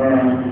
Thank you.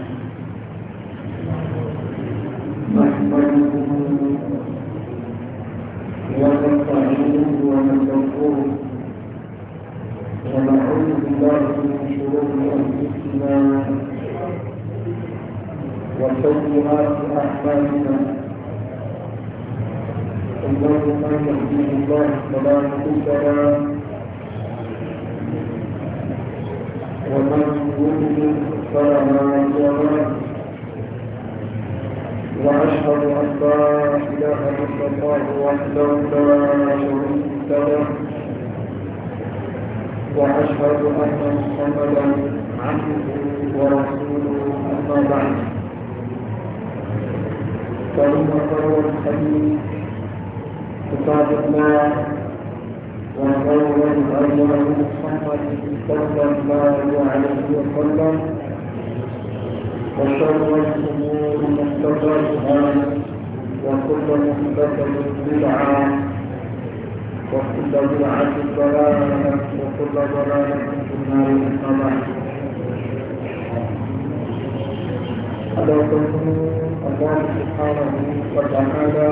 وتعالى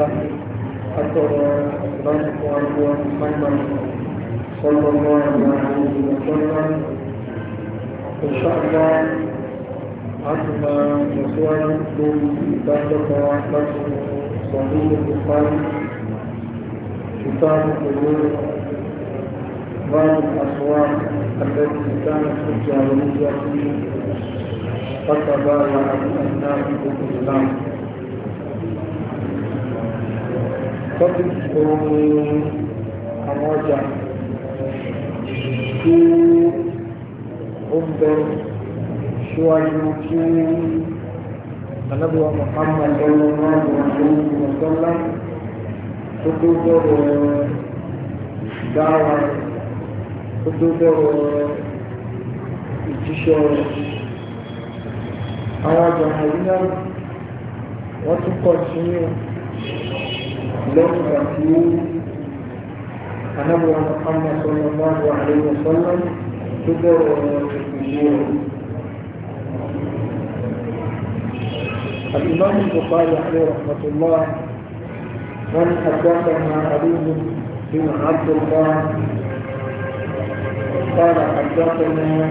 أثر ذلك وأبوه محمد صلى الله عليه وسلم إن شاء الله عندنا مسؤول من ذلك نفسه صحيح البخاري كتاب الحلول باب الأسواق التي كانت في الجاهلية فتبايع الناس بالإسلام topic òun ni àwọn ọjà tí ó ń bẹ ṣíwájú tí anábíwá Muhammad lọ́wọ́ náà wọ́n tó ń bọ̀ sọ́lá tó tó bọ̀rọ̀ dáwà tó tó bọ̀rọ̀ ìjíṣẹ́ rẹ̀ àwọn ọjà àyíká wọ́n tún kọ̀ sí yìí لم يكون أنبوى محمد صلى الله عليه وسلم تدر ويجور الإمام البخاري عليه رحمة الله من حدثنا علي بن عبد الله قال حدثنا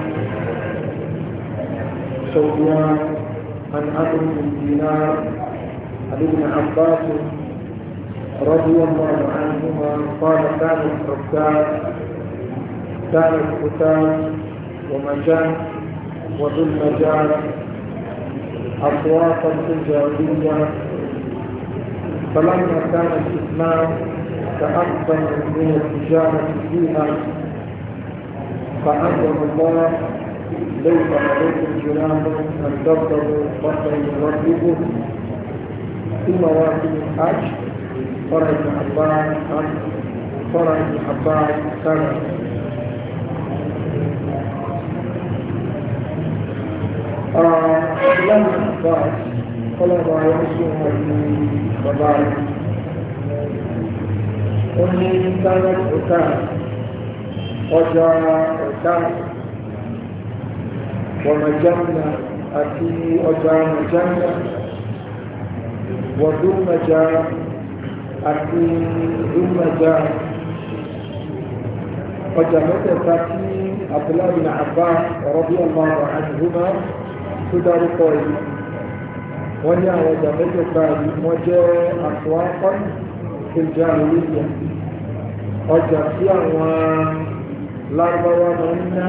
سفيان عن عبد بن دينار عن ابن عباس رضي الله عنهما قال كان الحكام كان الحكام ومجان وذو المجان أصوات الجاهلية فلما كان الإسلام تأقدم من التجارة فيها فأنزل الله ليس عليكم جناح أن تبتغوا فضلا من ربكم في مواسم الحج قرأ ابن عباس قرأ ابن عباس سمع لم عباس طلب يرسم وبارك قل كانت عكاز وجاء عكاز ومجنة أتي وجاء مجنة ودون مجنة àti ìmọ̀já ọjà mẹ́tẹ̀ẹ̀ta tí abdullahi bin abbas radiyallahu anhuma tó dárúkọ yìí wọ́n ní àwọn ọjà mẹ́tẹ̀ẹ̀ta yìí wọ́n jẹ́ àtúwákọ́n ìjà lóríyà ọjà tí àwọn lárúbáwá máa ń ná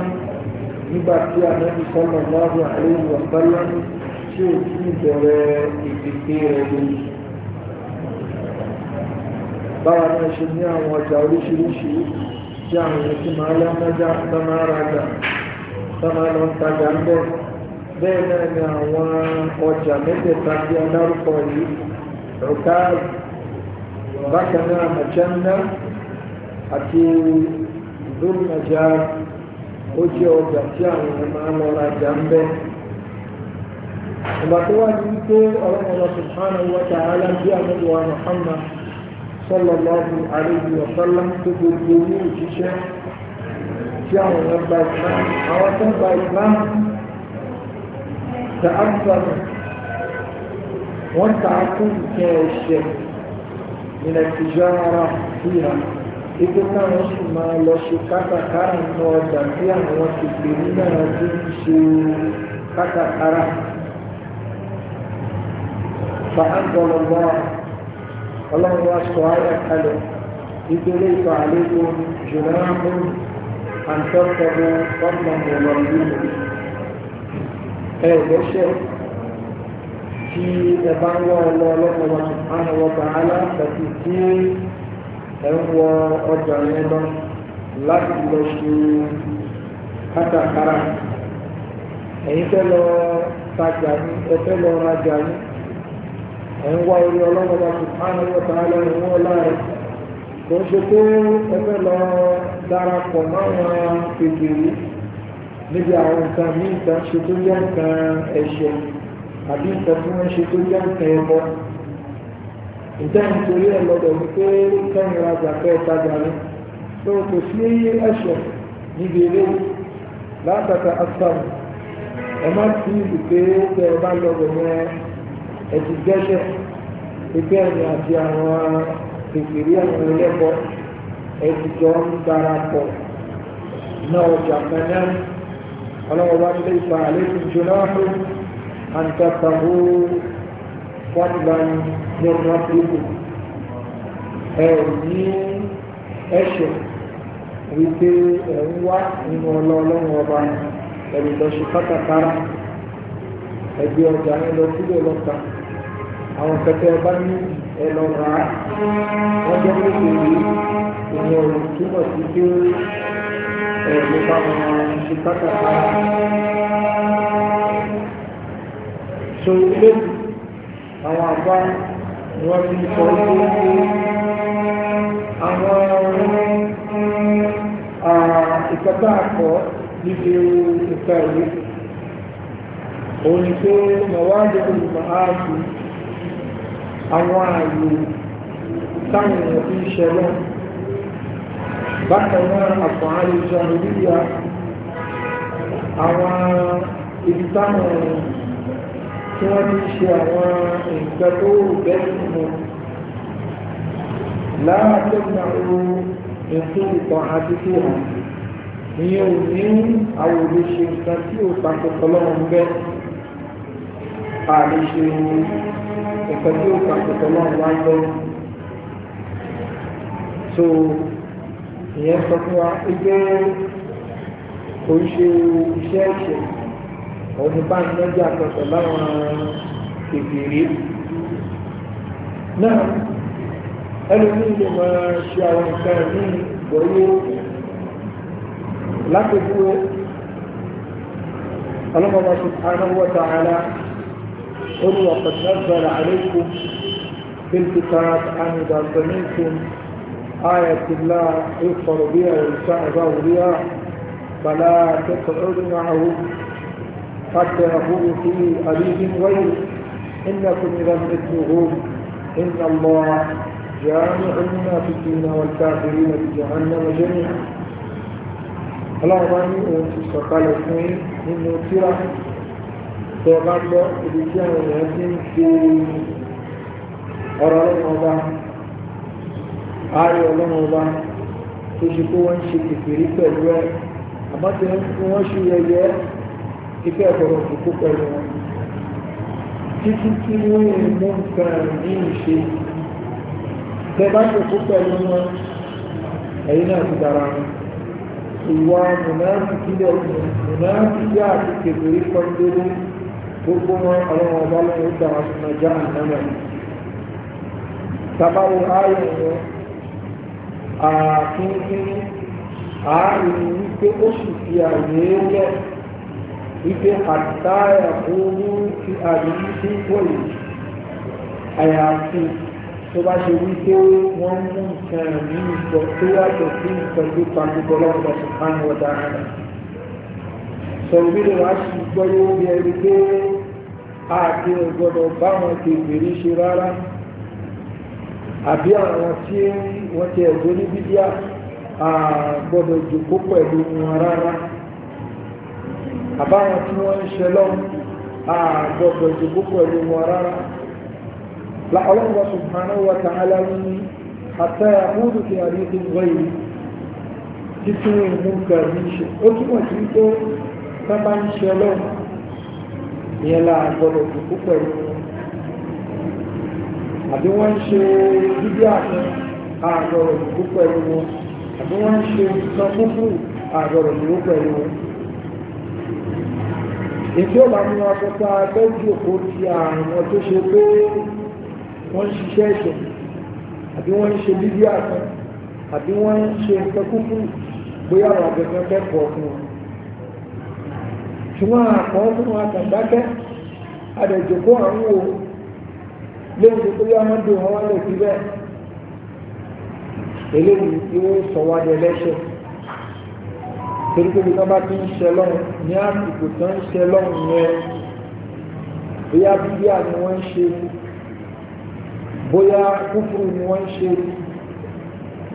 nígbà tí ànábì sallallahu alaihi wa sallam tí ò tí bẹ̀rẹ̀ ìdíkẹ́ rẹ̀ lórí báwa náà ṣe ní àwọn ọjà oríṣiríṣi tí àwọn èèyàn ti máa lámájá tó máa rajà tó máa lọ tajà ń bẹ̀ bẹ́ẹ̀ náà ni àwọn ọjà mẹ́tẹ̀ẹ̀ta tí a dárúkọ yìí ọ̀ká bákan náà àti ìdúrúmọ̀já ó jẹ́ ọjà tí àwọn èèyàn máa lọ rajà ń bẹ̀ ìgbà tó wà ní wípé ọlọ́mọlọ́sùn hánà wọ́ta alábíà mẹ́wàá Muhammad sallallahu alaihi wa sallam tó gbogbo ní òṣìṣẹ́ tí àwọn èèyàn gba ìsìláàmù àwọn tó gba ìsìláàmù tààtàmù wọ́n tààkù ìkẹ́ ẹ̀ṣẹ̀ ìrẹ̀tìjọ́ ara fìhà ibi táwọn sì máa lọ ṣe kátàkárà nínú ọjà tí àwọn ti pè nígbà tí ń ṣe kátàkárà. فأنزل الله ọlọ́run wá sọ ayé kalẹ̀ ìgbélé ìfà àlejò jùlọ́ràmù àǹtọ́kọ̀ọ́ ọ̀pọ̀lọpọ̀ ọ̀lọ́run ẹ lẹ́sẹ̀ tí ẹ bá ń wá ọlọ́ ọlọ́run wa subhanahu wa ta'ala pẹ̀lú tí ẹ ń wọ ọjà yẹn lọ láti lọ ṣe kátàkárà ẹ̀yin fẹ́ lọ tajà ní ẹ fẹ́ lọ rajà yín. ẹ̀ orí ọlọ́run bá subhanahu wa ta'ala ẹ̀ ń wọ́n láàrẹ̀ kò ń ṣe pé ẹgbẹ́ lọ darapọ̀ máwọn kékeré níbi àwọn nǹkan ní nǹkan ṣe tó yẹ nǹkan ẹ̀ṣẹ̀ àbí nǹkan tí wọ́n ṣe tó yẹ nǹkan ẹ̀kọ́ ǹjẹ́ nítorí ẹ̀ lọ́dọ̀ wípé kẹ́yìn rajà fẹ́ tajà ní tó kò sí ẹ̀ṣẹ̀ níbi látàkà asam ẹ̀ má ti ìlú pé bá lọ́dọ̀ ẹ ti dẹ́ṣẹ̀ pípẹ́ ẹ̀yìn àti àwọn kékeré àwọn ẹlẹ́bọ ẹ ti jọ ń darapọ̀ náà ọjà kan náà ọlọ́wọ́ bá nílé ìfà àlékún jóná fún àǹtàkàwó fọ́nìlá ní ọ̀nà pípò ẹ ò ní ẹ̀ṣẹ̀ wípé ẹ̀ ń wá nínú ọlọ́ọ̀lọ́run ọba ẹ̀rù lọ pátákárá ẹgbẹ́ ọjà ń lọ sílẹ̀ lọ́ta àwọn kẹtẹ bá ní ẹlọ́ra ọjọ́ kékeré ìwọ̀n ò túmọ̀ sí pé ẹ̀rọ bá wọn ṣe pátákà. so ilé àwọn àbá ni wọ́n fi sọ pé àwọn ìkẹta àkọ́ níbi ìka ìwé pé mọ̀wá jẹ́ olùmọ̀ áàtì. àwọn ààyè táwọn èèyàn fi ń ṣẹlẹ̀ bákan náà àfọ̀hán lè sọ àwọn ibi táwọn tí wọ́n ti ṣe àwọn nǹkan tó bẹ́ẹ̀ mú lára tó gbà ètò ìtàn àti tó hàn ìyẹn ò ní tí ẹ̀kọ́ tí ó ta kòtò náà wá ń lọ. so ìyẹn sọ fún wa pé kò ń ṣe iṣẹ́ ẹ̀ṣẹ̀ ọdún bá ń lọ́jà àkọsọ̀ láwọn kékeré náà ẹlòmíì lè máa ṣe àwọn nǹkan ní ìgbọ́yé lápẹ̀kú ọlọ́mọba subhanahu wa ta'ala. قل وقد نزل عليكم في الكتاب أن إذا سمعتم آية الله يكفر بها ويستعذر بها فلا تقعدوا معه حتى يقولوا في أبيهم غير إنكم إذا مثلهم إن الله جامع المنافقين والكافرين في جهنم جميعا الله ظني أن تستقال اثنين من نوتره tó o bá gbọ́ ibi tí àwọn èèyàn ti ń ṣe ọ̀rọ̀ ọlọ́run ọba ààrẹ ọlọ́run ọba tó ṣe kó wọ́n ń ṣe kékeré pẹ̀lú ẹ àmọ́ tí wọ́n ṣe yẹyẹ ìfẹ́ ọ̀rọ̀ òkú pẹ̀lú wọn títí tí wọ́n yẹ mú nǹkan ní ìṣe tẹ bá ṣòkú pẹ̀lú wọn ẹ̀yìn náà ti dára wọn ìwà mùnáàtì kílẹ̀ mùnáàtì yá àti kékeré kan gbogbo wọn ọlọ́wọ́ ọba lọ́wọ́ gbà wọn sínú ọjà ànámọ̀ tabawo ayọ̀ wọn àfihàn ààrin wípé ó sì fi àyè lẹ̀ wípé àtàyà owó ti àdìyí sí wọ̀nyí àyàfi tó bá ṣe wípé wọ́n mú nǹkan ní ìsọ̀ tó yàtọ̀ sí nǹkan tó pàdé bọ́lá ọ̀dọ̀ sùpánù ọ̀dà náà sọ̀rọ̀ lè wá sí gbọ́yé oúnjẹ ẹni pé àti ọ̀gbọ́dọ̀ báwọn kèfèrí ṣe rárá àbí àwọn tí wọ́n ti ẹ̀gbọ́ ní bíbíà àgbọ́dọ̀ jòkó pẹ̀lú wọn rárá àbáwọn tí wọ́n ń ṣe lọ́wọ́ àgbọ́dọ̀ jòkó pẹ̀lú wọn rárá ọlọ́run subhanahu wa ta'ala ní àtẹ́ àmúdù ti àríkì wọ́yìí títún ìmú kàrí ṣe ó túmọ̀ sí pé tó bá ń ṣe ọlọ́run ìyẹn la gbọ́dọ̀ dùkú pẹ̀lú àbí wọ́n ń ṣe bíbí àmì àgbọ̀rọ̀ dùkú pẹ̀lú wọn àbí wọ́n ń ṣe nǹkan fúfú àgbọ̀rọ̀ dùkú pẹ̀lú wọn. ètò ọ̀la ni wọ́n sọ pé abẹ́jú òkú ti àrùn wọn tó ṣe pé wọ́n ń ṣiṣẹ́ ẹ̀ṣẹ̀ àbí wọ́n ń ṣe bíbí àmì àbí wọ́n ń ṣe nǹkan fúfú bóyá àwọn àgbẹ̀fẹ́ kẹ́kọ̀ọ́ fún wọn ṣùgbọ́n àpọ̀ fún wa kàn dákẹ́ àdẹ̀jòkó àwọn wo lóun tó tó yá wọn dùn wọn wá lè fi bẹ́ẹ̀ eléyìí tí ó sọ wá ní ẹlẹ́ṣẹ̀ torí pé bíi ń ṣe lọ́run ní àsìkò tó ń ṣe lọ́run yẹn bóyá bíbíà ni wọ́n ń ṣe bóyá kúfùrù ni wọ́n ń ṣe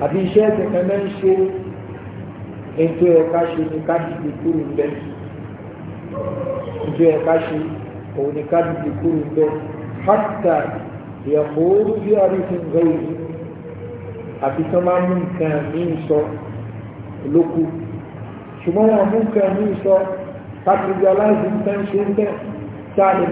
àbí iṣẹ́ ẹ̀sìn kan náà ń ṣe ètò ẹ̀ka ṣe ni ká ti ń bẹ́ẹ̀ ìjọ ẹ̀ka ṣe òun ni ká dìde kúrò ń bẹ hátà ìyàmóoru bí àrífin gbẹ̀yìn àfi tán máa mú nǹkan míì sọ lókù ṣùgbọ́n wọn mú nǹkan míì sọ káàkiri aláìsí nǹkan ṣe ń bẹ tá a lè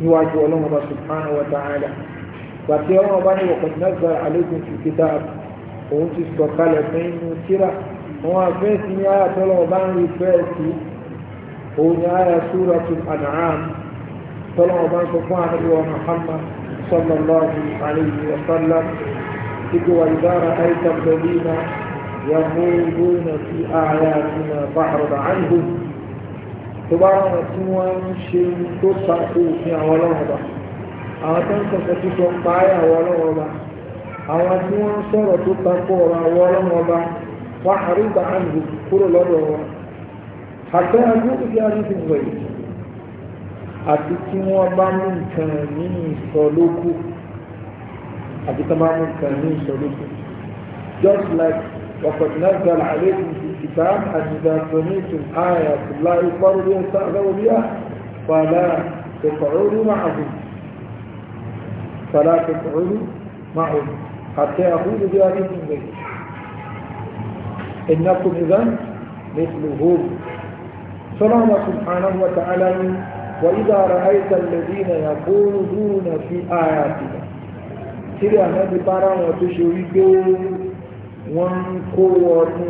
níwájú ọlọ́run ọba subhanahu wa ta'ala gbàtí ọlọ́run ọba ní wọ̀kọ̀ tí náà alaykum fi kitab òun ti sọ kalẹ̀ fún inú tíra àwọn àfẹ́sí ní àyà tọ́lọ́run ọba ń rí fẹ́ẹ̀sì òun ní àyà suratul an'am tọ́lọ́run ọba ń sọ fún àdúgbò Muhammad sallallahu alayhi wa sallam kíkọ́ wà ìdára àìsàn bẹ̀rẹ̀ náà yàgbó gbóná sí àyà tí náà bá àrùn tó bá ráwọn tí wọ́n ṣe tó òfin àwọn ọba àwọn tó ń sọ̀tọ̀ tó sọ àwọn ọba àwọn tí wọ́n ń sọ̀rọ̀ tó ọ̀rọ̀ àwọn ọba wá àrígbà àmì kúrò lọ́dọ̀ wọn a ti wẹ̀ àti tí wọ́n bá mú nǹkan ní ìsọ̀lókù just like náà الكتاب أن إذا سميتم آية الله يقر بها استأذوا بها فلا تقعدوا معهم فلا تقعدوا معهم حتى يقولوا بها بإذن الله إنكم إذا مثلهم سلام سبحانه وتعالى وإذا رأيت الذين يقولون في آياتنا سيري أنا بطارا وتشويكم wọ́n ń kó wọnú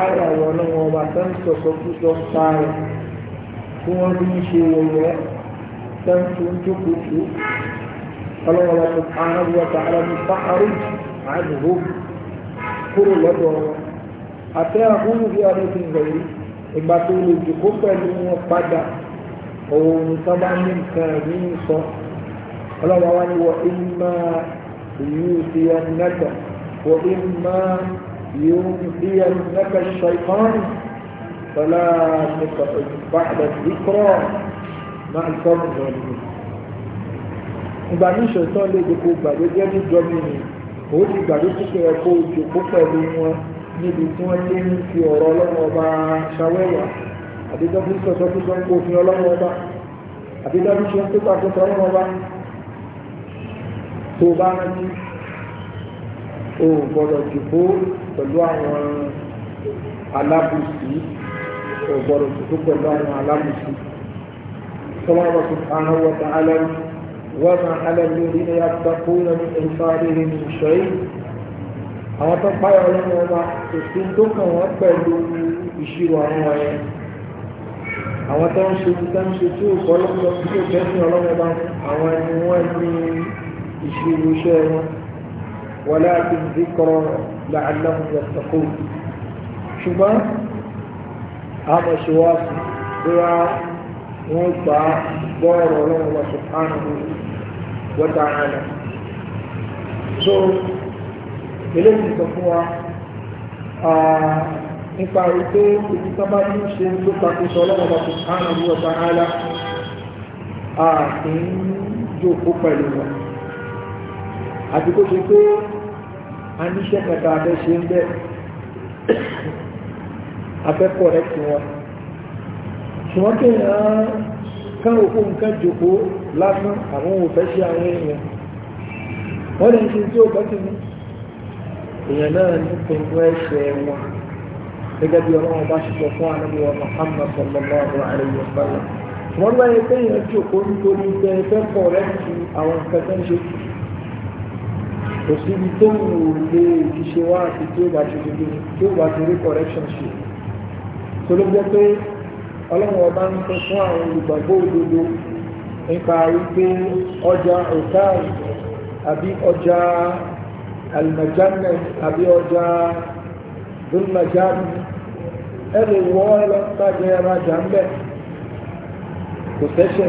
ara wọn náà wọn bá tán sọ̀sọ̀ kúsọ ń pa rẹ̀ tí wọ́n fi ń ṣe wọ̀yẹ́ tán tó ń jókòó ọlọ́wọ́ bá tún ara wọn tà ara ní fáárù àdúgbò kúrò lọ́dọ̀ wọn àtẹ́ àkúrú bí ọdún ti ń gbẹ̀yìn ìgbà tó lè jòkó pẹ̀lú wọn padà òun tó bá ní nǹkan ẹ̀mí sọ ọlọ́wọ́ wá ní wọ ìmọ̀ ìlú ti ẹni وإما ينفينك الشيطان فلا تقعد بعد الذكرى مع القوم الظالمين ìgbà ní ìṣẹ̀tàn lè dìbò gbàgbé jẹ́ níjọ mìíràn ó ti gbàgbé púpọ̀ ẹ̀kọ́ òjòkó pẹ̀lú wọn níbi tí wọ́n lé ń fi ọ̀rọ̀ ọlọ́wọ́ ọba ṣàwẹ́wà àbíjọ́bí sọ̀tọ́ tó sọ ń òfin ọlọ́wọ́ ọba àbíjọ́bí sọ ń pàtó sọ ọlọ́wọ́ ọba tó bá rántí o gbọ́dọ̀ jòkó pẹ̀lú àwọn alábùsí o gbọ́dọ̀ jòkó pẹ̀lú àwọn alábùsí sọlọ́wọ́ tó kàánà wọ́ta alẹ́rú wọ́n máa alẹ́rú lórí ní àtàkó náà ní ìfáàrí rẹ̀ ní ìṣọ́ yìí àwọn tó páyà ọlọ́run ọba òfin tó kàn wọ́n pẹ̀lú ìṣirò àwọn ọ̀yẹ́ àwọn tó ń ṣe tó ń ṣe tí ò kọ́ lọ́pọ̀ tí kẹ́sìn ọlọ́run àwọn ẹni wọ́n ní ìṣirò iṣẹ́ wọn. ولكن ذكر لعلهم يتقون شما هذا شواس دعاء موسى دور الله سبحانه وتعالى so eléyìí sọ fún wa nípa wípé ibi tó bá ní ṣe tó pàtó sọ ọlọ́wọ́ bá subhanahu wa ta'ala àti ń jókòó pẹ̀lú wọn àti kó ṣe pé a níṣẹ́ kẹta afẹ́ ṣe ń bẹ́ afẹ́kọ̀ rẹ̀ tí wọ́n ṣùgbọ́n kí ní kán òkú nǹkan jòkó lásán àwọn òfẹ́ ṣe àwọn èèyàn wọ́n lè ṣe tí ó bọ́ sí ní èèyàn náà ní pinnu ẹ̀ṣẹ̀ wọn gẹ́gẹ́ bí ọlọ́run bá ṣiṣọ́ fún anábíwá Muhammad sallallahu alayhi wa sallam wọ́n lọ́yẹ pé èèyàn jòkó nítorí pé ẹ̀fẹ́ kọ̀ rẹ̀ ti àwọn nǹkan tó ń ṣe kò síbi tó wù lè fi ṣe wá àti tí ó bá ti dìde tí ó bá ti rí correction ṣe tó ló jẹ́ pé ọlọ́run ọba ń sọ fún àwọn olùgbàgbọ́ òdodo nípa wípé ọjà otai àbí ọjà alimajanna àbí ọjà dolmajani ẹ lè wọ ẹ lọ sáàjẹ ẹrajà ń bẹ kò tẹ́ṣẹ̀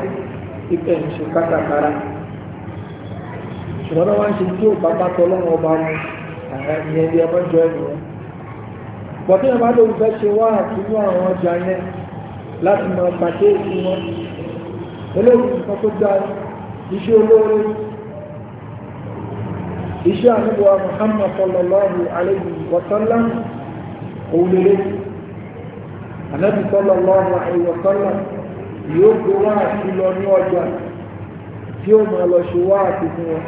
ìpẹ̀yìn ṣe kátàkárà ṣùgbọ́n náà wá ń ṣe tí ò bá bá tọ́ lọ́wọ́ ọba mu ìyẹn bí ọmọ ìjọ ènìyàn bọ̀dé ẹ̀ bá lóun fẹ́ ṣe wá àtúnú àwọn ọjà yẹn láti mọ pàṣẹ ìsìn wọn eléyìí nǹkan tó dáa iṣẹ́ olóore iṣẹ́ àníbọ̀wá Muhammad sallallahu alayhi wa sallam òun lélẹ́ sallallahu alayhi wa sallam yóò gbé wá àti lọ ní ọjà tí ó máa lọ ṣe wá àti wọn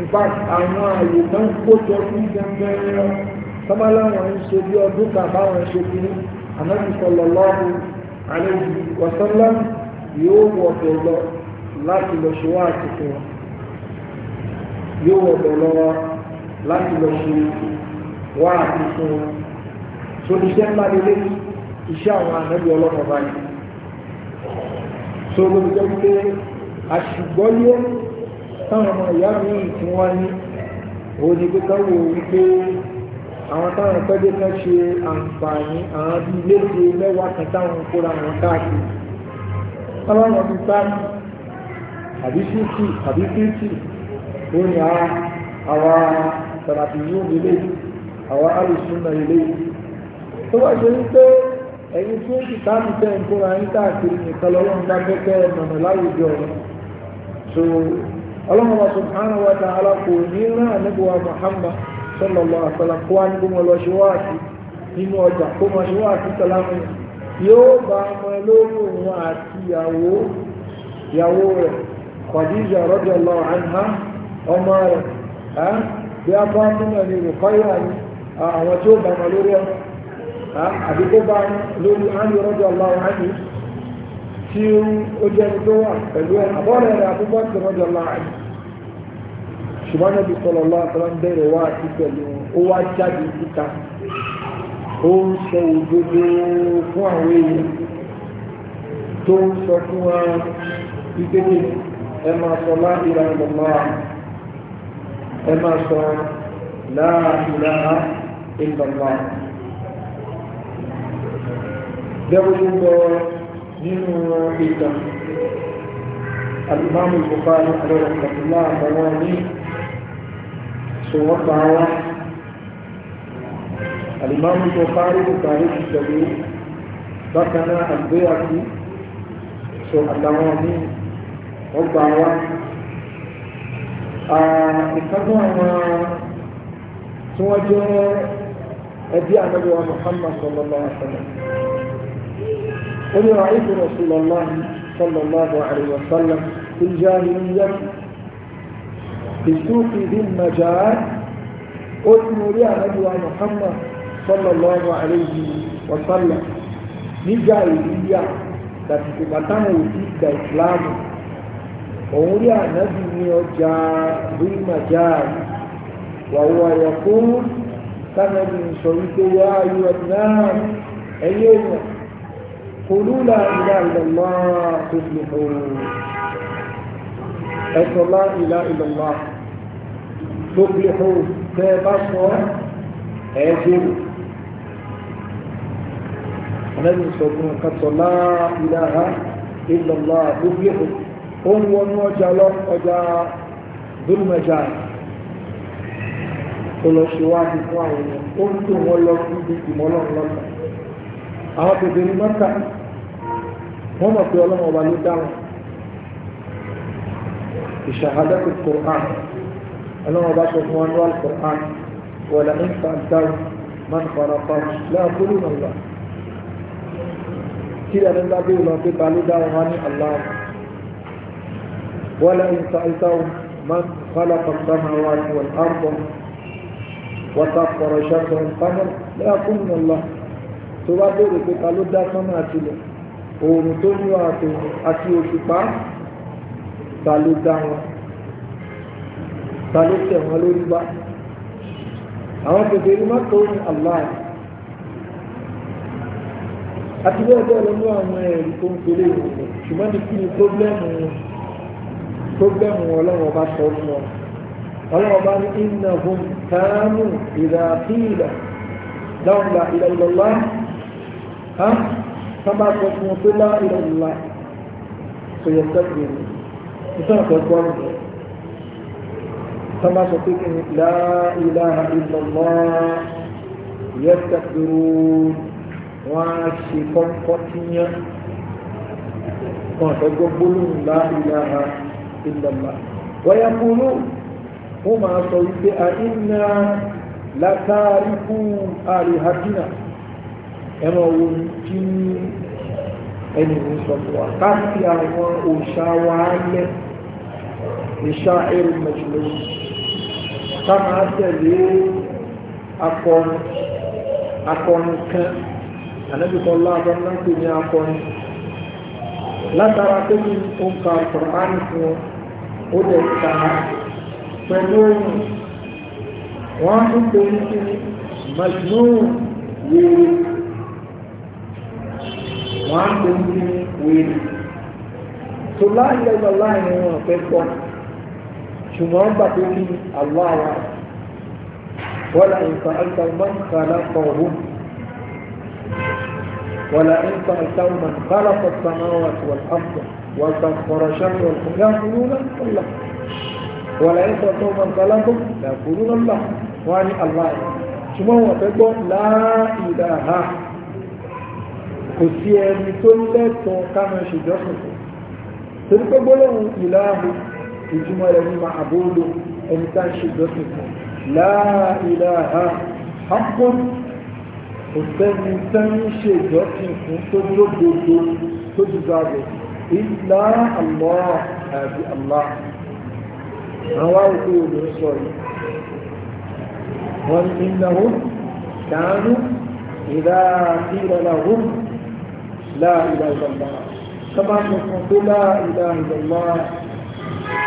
ìpàkì àwọn àyè máa ń kójọ sí gbẹngbẹrẹ tọ́mọláwọn ń ṣe bí ọdún tàbá wọn ṣe fi ànábì sallallahu alaihi wa sallam yóò wọ ọ̀dọ̀ lọ láti lọ ṣe wá àtìkù wọn yóò wọ ọ̀dọ̀ lọ láti lọ ṣe wá àtìkù wọn so iṣẹ́ ńlá lélẹ́ iṣẹ́ àwọn ànábì ọlọ́mọ báyìí so lóbi jẹ́ pé àṣùgbọ́yé táwọn ọmọ ìyá míì tí wọ́n ní òun ni pé káwọ wípé àwọn táwọn pẹ́ẹ́dẹ́ kan ṣe àǹfààní àwọn bíi léde mẹ́wàá kan táwọn kóra wọn káàkiri táwọn ọmọ bíi báyìí àbí fífì àbí fífì ó ní àwa tàbíyún ilé àwa alùsùnà ilé tó wá ṣe wípé ẹ̀yin tí ó ti táàbù tẹ́ ń kóra yín káàkiri nìkan lọ́wọ́ ń dá pẹ́pẹ́ mọ̀nà láwùjọ ọlọ́run subhanahu wa ta'ala kò ní rán ànábùwà Muhammad sallallahu alaihi wasallam kó wá ní gbogbo lọ ṣe wá àti nínú ọjà kó máa ṣe wá àti sàlámù yóò bá ọmọ lórí òun àti ìyàwó ìyàwó rẹ̀ Khadija radiyallahu tí ó jẹ́ ẹni tó wà pẹ̀lú ẹ̀ àbọ̀rẹ̀ rẹ̀ àbúgbà tó rọ́jọ́ láàrin ṣùgbọ́n Nábì sallallahu alaihi wasallam bẹ̀rẹ̀ wá àti pẹ̀lú ó wá jáde síta ó ń sọ òdodo fún àwọn èèyàn tó ń sọ fún wa ìgbéni ẹ máa sọ la ilaha ẹ máa sọ la ilaha illallah. Dẹ́gbẹ́sọ̀ nínú ìtàn alìmáàmù Bukhari àrẹ́rẹ́ kàtùlá àtàwọn ní ṣòwọ́ta wá alìmáàmù Bukhari Bukhari ti tẹ̀lé bákanáà àgbéyàkú so àtàwọn ní ọgbà wá ìkájọ́ àwọn tí wọ́n jẹ́ ẹbí àmọ́lẹ́wà Muhammad sallallahu alaihi wa sallam قل رأيت رسول الله صلى الله عليه وسلم في الجاهلية في السوق ذي المجال أثمر يا نبي محمد صلى الله عليه وسلم ní jàìlíyà tàbí pàtàkì òbí ìgbà ìsìláàmù òun rí ànábì ní ọjà rímàjáàrí wàwọ àyàkó tánàbì ń sọ wípé wá ẹyẹ èèyàn قولوا لا إله إلا الله تفلحون أسأل الله إله إلا الله تفلحون تبصر أجل النبي صلى الله عليه وسلم لا إله إلا الله تفلحون هم ونوجل أجا ذو المجال olùṣèwádìí fún àwọn ènìyàn ó ń tó wọn lọ sí ibi wọ́n mọ̀ pé ọlọ́run ọba ló dáhùn ìṣàhádà kò kòrán ọlọ́run ọba sọ fún wọn ní alkòrán wọ̀lá ń fa dáhùn máa ń fara pa láàkúrú náà wà kí ẹni ńlá bí ìlọ pé ta ló dáhùn wọn ní aláwọ̀ wọ́lá ń dáhùn máa ń fara pa sáhùn wọn ní wọ̀lá وسخر شجر القمر لا يكون الله تبادر بقالوا دا سما تلك oòrùn tó ní ààtò àti òṣùpá ta ló dá wọn ta wọn lórí bá àwọn kèfèrí má tó ní Allah àti bẹ́ẹ̀ bẹ́ẹ̀ lọ mú àwọn ẹ̀rí tó ń pèlè ìwòsàn ṣùgbọ́n ní kí ni pọ́blẹ́mù wọn pọ́blẹ́mù wọn ọlọ́run ọba sọ fún wọn ọlọ́run ọba ní innahum kanu idha qila lahum la ilaha illallah sábà sọ fún un pé láàrin ìlà kò yẹ sẹ́kì ní iṣẹ́ àkọ́kọ́ rẹ̀ sábà sọ pé kí ni láàrin ìlà ìlọ́mọ́ yẹ sẹ́kì wọ́n á ṣe kọ́kọ́ tí yẹn kan ẹgbẹ́ gbólóhùn la ilaha illallah wọ́yá kúrú ó máa sọ wípé àìnà látàrí fún àríhàdínà ẹmọ wo tí ẹni ń sọ fún wa káàkiri àwọn òòṣà wa lẹ ìṣá ẹrù mẹjùlẹ ká máa tẹ̀lé akọrin akọrin kan ànábìkọ láàbọn náà pè ní akọrin látara pé kí ó ń ka kùránì fún ọ ó dẹ̀ ta pẹ̀lú ohun wọ́n á tún pè ní kí ni mẹjùlẹ wọ́n á pè ní wèrè tó láàyè lọ́la ìrìn wọn fẹ́ gbọ́ ṣùgbọ́n gbà pé kí àlọ́ àwa wọ́lá ìfà àìsà man khalaqahum wọ́lá ìfà àìsà man khalaqa as-samawati wal-arda وسخر الشمس والقمر يعبدون الله ولا يسرقون من خلقهم يعبدون الله وعن الله ثم هو لا إله kò sí ẹni tó lẹ́tọ̀ọ́ káwọn ṣèjọ́sìn fún torí pé gbólóhùn ìlàhùn ìtumọ̀ rẹ̀ ní ma àbúrò ẹni tá ń ṣèjọ́sìn fún láàrínláà hapun òsẹ́ni tá ń kàánú ìdá àti láàrídà ìdàgbà sábà sọ fún pé láàrídà ìdàgbà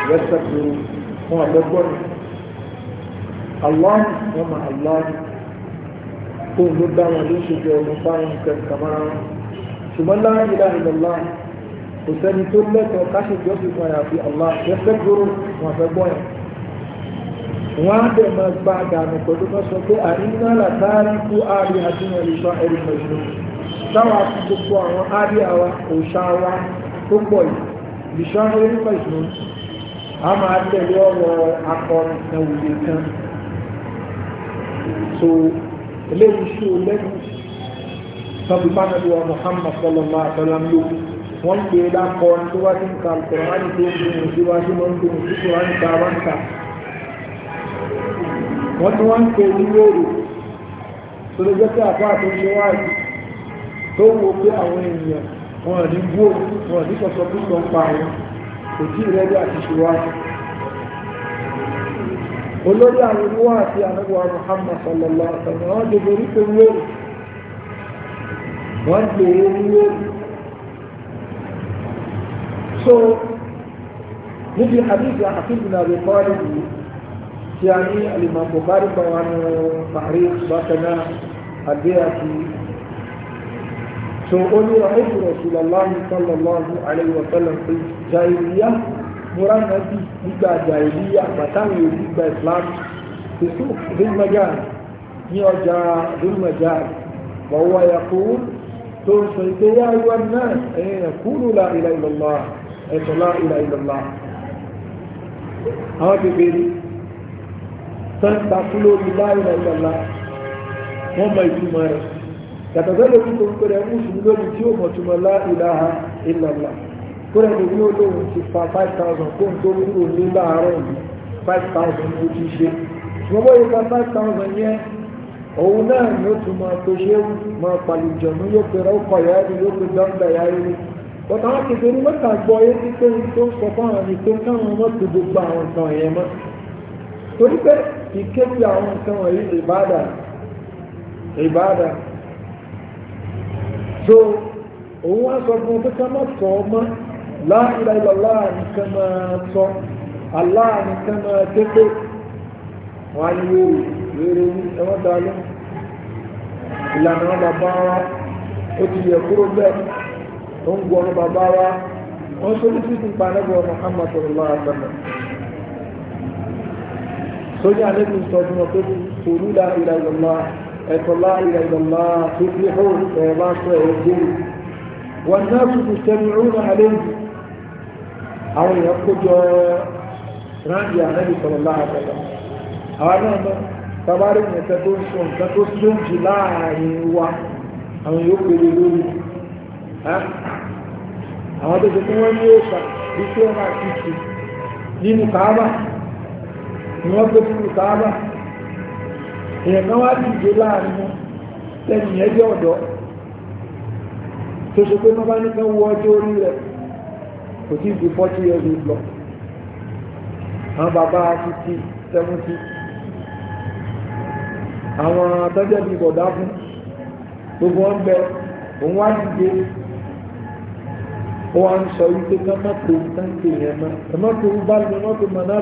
yẹ́sẹ̀kùrù fún ọ̀lọ́gbọ́n Allah wọn ma Allah kó ló dá wọn ló ṣe jẹ ọmọ fáwọn kẹkẹ mara wọn ṣùgbọ́n láàrídà ìdàgbà kò sẹ́ni tó lẹ́tọ̀ọ́ káṣí jọ́sìn fún àyàfi Allah táwa fi gbogbo àwọn áríà wa wa tó pọ̀ yìí bìṣọ́nù orúkọ ìṣòro a máa tẹ̀lé ọ̀rọ̀ akọni ẹ̀wùjẹ kan so eléyìí ṣe o lẹ́nu tọ́bi pánàlú wa Muhammad sallallahu alaihi wasallam ló wọ́n pè é lákọni tó wá sí ń ka tó ń gbóhùn sí wá sí wọ́n ń gbóhùn sí wọ́n wá ń pè é ní tó lè jẹ́ pé àpá wáyé tó wo pé àwọn èèyàn wọn ní gbó wọn ní sọ̀sọ̀ tó sọ ń pa àwọn kò tí ìrẹ́lú àti ṣùwá olórí àwọn àti ànágbà Muhammad sallallahu alaihi wasallam wọn lè borí pé wéèrè wọn lè rí wéèrè so níbi àdìsí àfihàn àbí pọ́ọ̀lì yìí tí a ní alìmọ̀ Bukhari bá wà ní Paris bákan náà àdéhàtì So only Rasul Rasulullah sallallahu alayhi wa sallam pé jàìlíyà múra nàbí nígbà jàìlíyà bàtàwọn èyí gba Islam ti sọ Dhulmajan ní ọjà Dhulmajan wàwá yakú tó ń sọ ìgbéyà ìwà náà ẹ̀yìn yakúrú eh, la ilaha illallah ẹ̀sọ̀ eh, la ilaha illallah. Àwọn bèbèrè sọ́ńtà kúló ìlà ìlà ìlàlá wọ́n mọ ìtumọ̀ rẹ̀ yàtọ̀ sẹ́lẹ̀ tí kò ń pẹ̀lẹ̀ mùsùlùmí lónìí tí ó mọ̀ túnmọ̀ lá ìlàhà ìlàlá kó rẹ̀ lórí olóhùn ti fa 5000 kó ń tó kúrò ní láàárọ̀ yìí 5000 ló ti ṣe ṣùgbọ́n yóò 5000 yẹn òun náà ni ó tún máa tó ṣe máa pàlùjọ ní yóò pe rọ́kọ̀ yá ni yóò pe dáńdà yá ni bọ́tà wọn ti torí mọ́ta gbọ́ yé ti pé tó o òun wá sọ fún pé ká má sọ ọ mọ́ láàrín máa sọ Allah nìkan máa képe wọn á ní wéèrè ẹwọ́n dá ìlànà wọn bàbá wa ó ti yẹ kúrò bẹ́ẹ̀ ó ń gbọ́ bàbá wa wọ́n tó ní títí Muhammad ẹ̀tọ́ láìlẹ̀ ìlọ́lá tó fi hàn ẹ̀rọ aṣọ ẹ̀gbẹ́ wọn náà kúkú sẹ́mi rúnà àlejò àwọn èèyàn kójọ ráńdì ànábì sọ̀rọ̀ láàbẹ̀lẹ̀ àwọn náà náà tabarí nìkan tó ń sọ nǹkan tó sóńjì láàrin wa àwọn yóò pèrè lórí àwọn tó ṣe kí wọ́n ní òòṣà bí tí wọ́n máa ti tù nínú kàábà ni wọ́n gbé nínú kàábà èèyàn kan wá dìde láàrin wọn lẹ́nu yẹn jẹ́ ọ̀dọ́ tó ṣe pé wọ́n bá ní kan wọ ọjọ́ orí rẹ̀ kò tí ì di forty years old lọ àwọn bàbá fifty seventy àwọn atọ́jọ́ bíi bọ̀dá fún gbogbo wọn bẹ òun wá dìde ó wá ń sọ wípé ká má tó ń tán kéèyàn má tó ń bá lọ tó má náà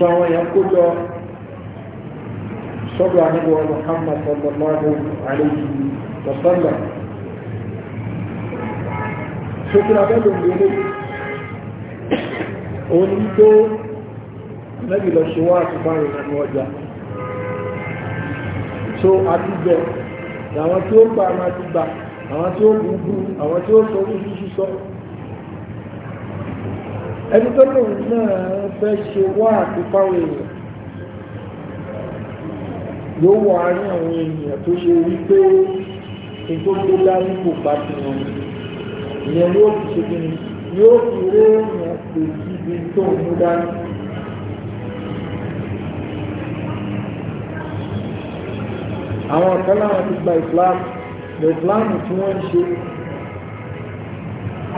sọ àwọn èèyàn kó lọ sọ́dọ̀ àníbọ̀ Muhammad sallallahu alayhi wa sallam sókúra bẹ́ẹ̀ ló ń gbélé òun tó lẹ́bí lọ ṣe wá àtúbá rẹ̀ nínú ọjà so àtúbẹ̀ àwọn tí ó gbà máa ti gbà àwọn tí ó gbùgbù àwọn tí ó sọ ẹni tó lòun náà fẹ́ ṣe wá àtúpáwò èèyàn yóò wọ àárín àwọn èèyàn tó ṣe wí pé ètò tó dání kò bá ti wọn ìyẹn yóò fi ṣe kí ni yóò fi ré èèyàn pè síbi tó ń mú dání. àwọn kan láwọn ti gba ìfúláàmù ìfúláàmù tí wọ́n ń ṣe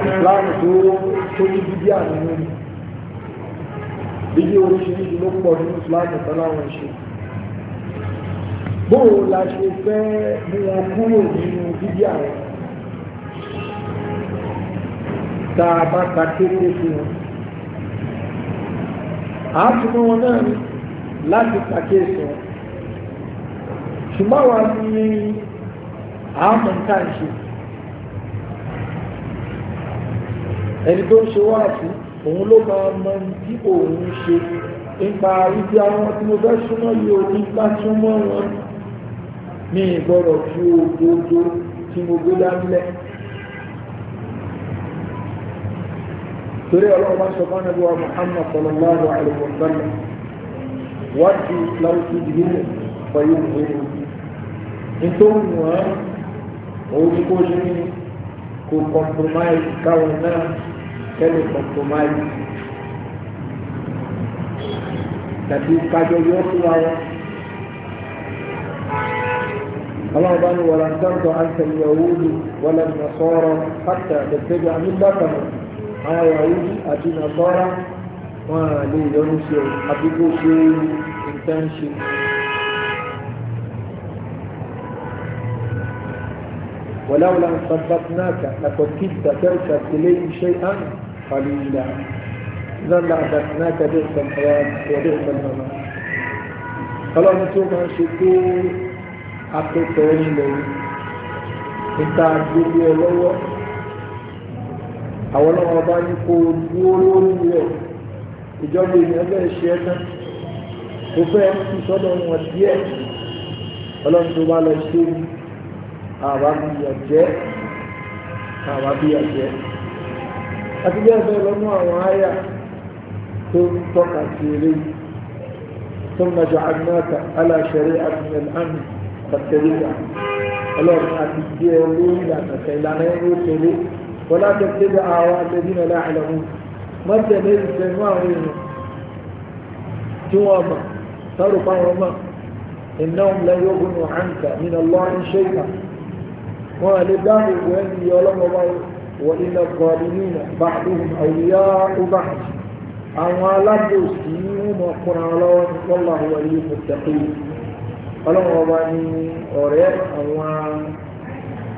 islam tó tó ní bíbí àdúgbò ni bíbí oríṣiríṣi ló pọ̀ nínú islam tó láwọn ṣe bóò la ṣe fẹ́ mú wọn kúrò nínú bíbí àwọn tá a bá ka kéde sí wọn a tún mọ wọn náà láti pàkíyèsí wọn ṣùgbọ́n wa ní àmọ́ nǹkan ṣe. ẹni tó ń ṣe wá àti òun ló máa mọ tí òun ṣe nípa wípé àwọn tí mo fẹ́ súnmọ́ yìí ò ní bá súnmọ́ wọn ní ìgbọ́rọ̀ tí ó dodo tí mo gbé dánilẹ̀ torí ọlọ́run bá sọ fún ẹgbẹ́ wa Muhammad sallallahu alaihi wa sallam wájú láwùjọ ìdílé pẹ̀lú ìwé nítorí wọn òun ni kó ṣe kó compromise káwọn náà كلمة تمالي تكيب كاجو يوسوا يا الله بان ولن ترضى عنك اليهود ولا النصارى حتى تتبع ملتهم آه ها يهود اتي نصارى ما لي يونسي ابيكو شي انتنشي ولولا ان ثبتناك لقد كدت تركب اليه شيئا قليلا ذل عدتناك بئس الحياة وبئس الممات ọlọ́run tó máa ń ṣe pé akẹ́kọ̀ọ́ ilẹ̀ níta gbogbo ẹ lọ́wọ́ àwọn ọlọ́run ọba ní kó dúró lórí rẹ̀ ìjọba ènìyàn bẹ́ẹ̀ ṣe ẹ́ tán tó fẹ́ kú sọ́dọ̀ wọn díẹ̀ àti bẹ́ẹ̀ bẹ́ẹ̀ lọ́nú àwọn àyà tó tọ́ka sí eré ثم جعلناك على شريعة من الأمر فاتبعها ọlọ́run àti gbé ẹ lórí ìlànà ìlànà ẹni ó tẹ̀lé wọlá tẹ̀lé àwọn alẹ́dínà láàrínlẹ́mú má tẹ̀lé ìfẹ̀mú àwọn èèyàn tí wọ́n mọ̀ sáró fáwọn mọ̀ iná ńlá yóò gún ọ̀hánkà nínú ọlọ́run ṣe ìkà wọn àlè وإن الظالمين بعضهم أولياء بعض àwọn alábòsí mọ̀ fúnra lọ́wọ́ lọ́la wọlé mọ̀tẹ́kì ọlọ́wọ́ ọba Ọla ọ̀rẹ́ àwọn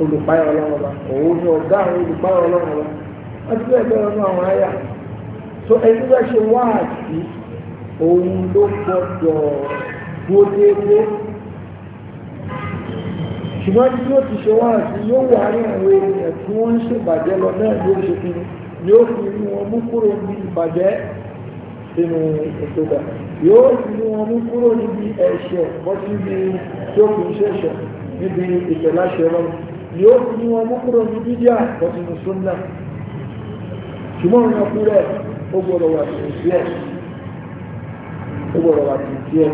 olùpáyọ̀ ọlọ́wọ́ ọba òun ọba ọ̀gá ọba wọ́n ti so ẹni bẹ́ẹ̀ ṣe ló ṣùgbọ́n tí ó ti ṣe wá àti yóò wà ní àwọn ènìyàn tí wọ́n ń ṣèbàjẹ́ lọ náà ló ṣe fi yóò fi rí wọn mú kúrò ní ìbàjẹ́ sínú ìtòkà yóò fi rí wọn mú kúrò níbi ẹ̀ṣẹ̀ bọ́sí ní tí ó fi ń ṣẹ̀ṣẹ̀ níbi ìtẹ̀láṣẹ ọlọ́run yóò fi rí wọn mú kúrò ní bídíà bọ́sí ní súnà ṣùgbọ́n wọn kú rẹ̀ ó gbọ́dọ̀ wà tì sí ẹ̀ ó gbọ́dọ̀ wà tì sí ẹ̀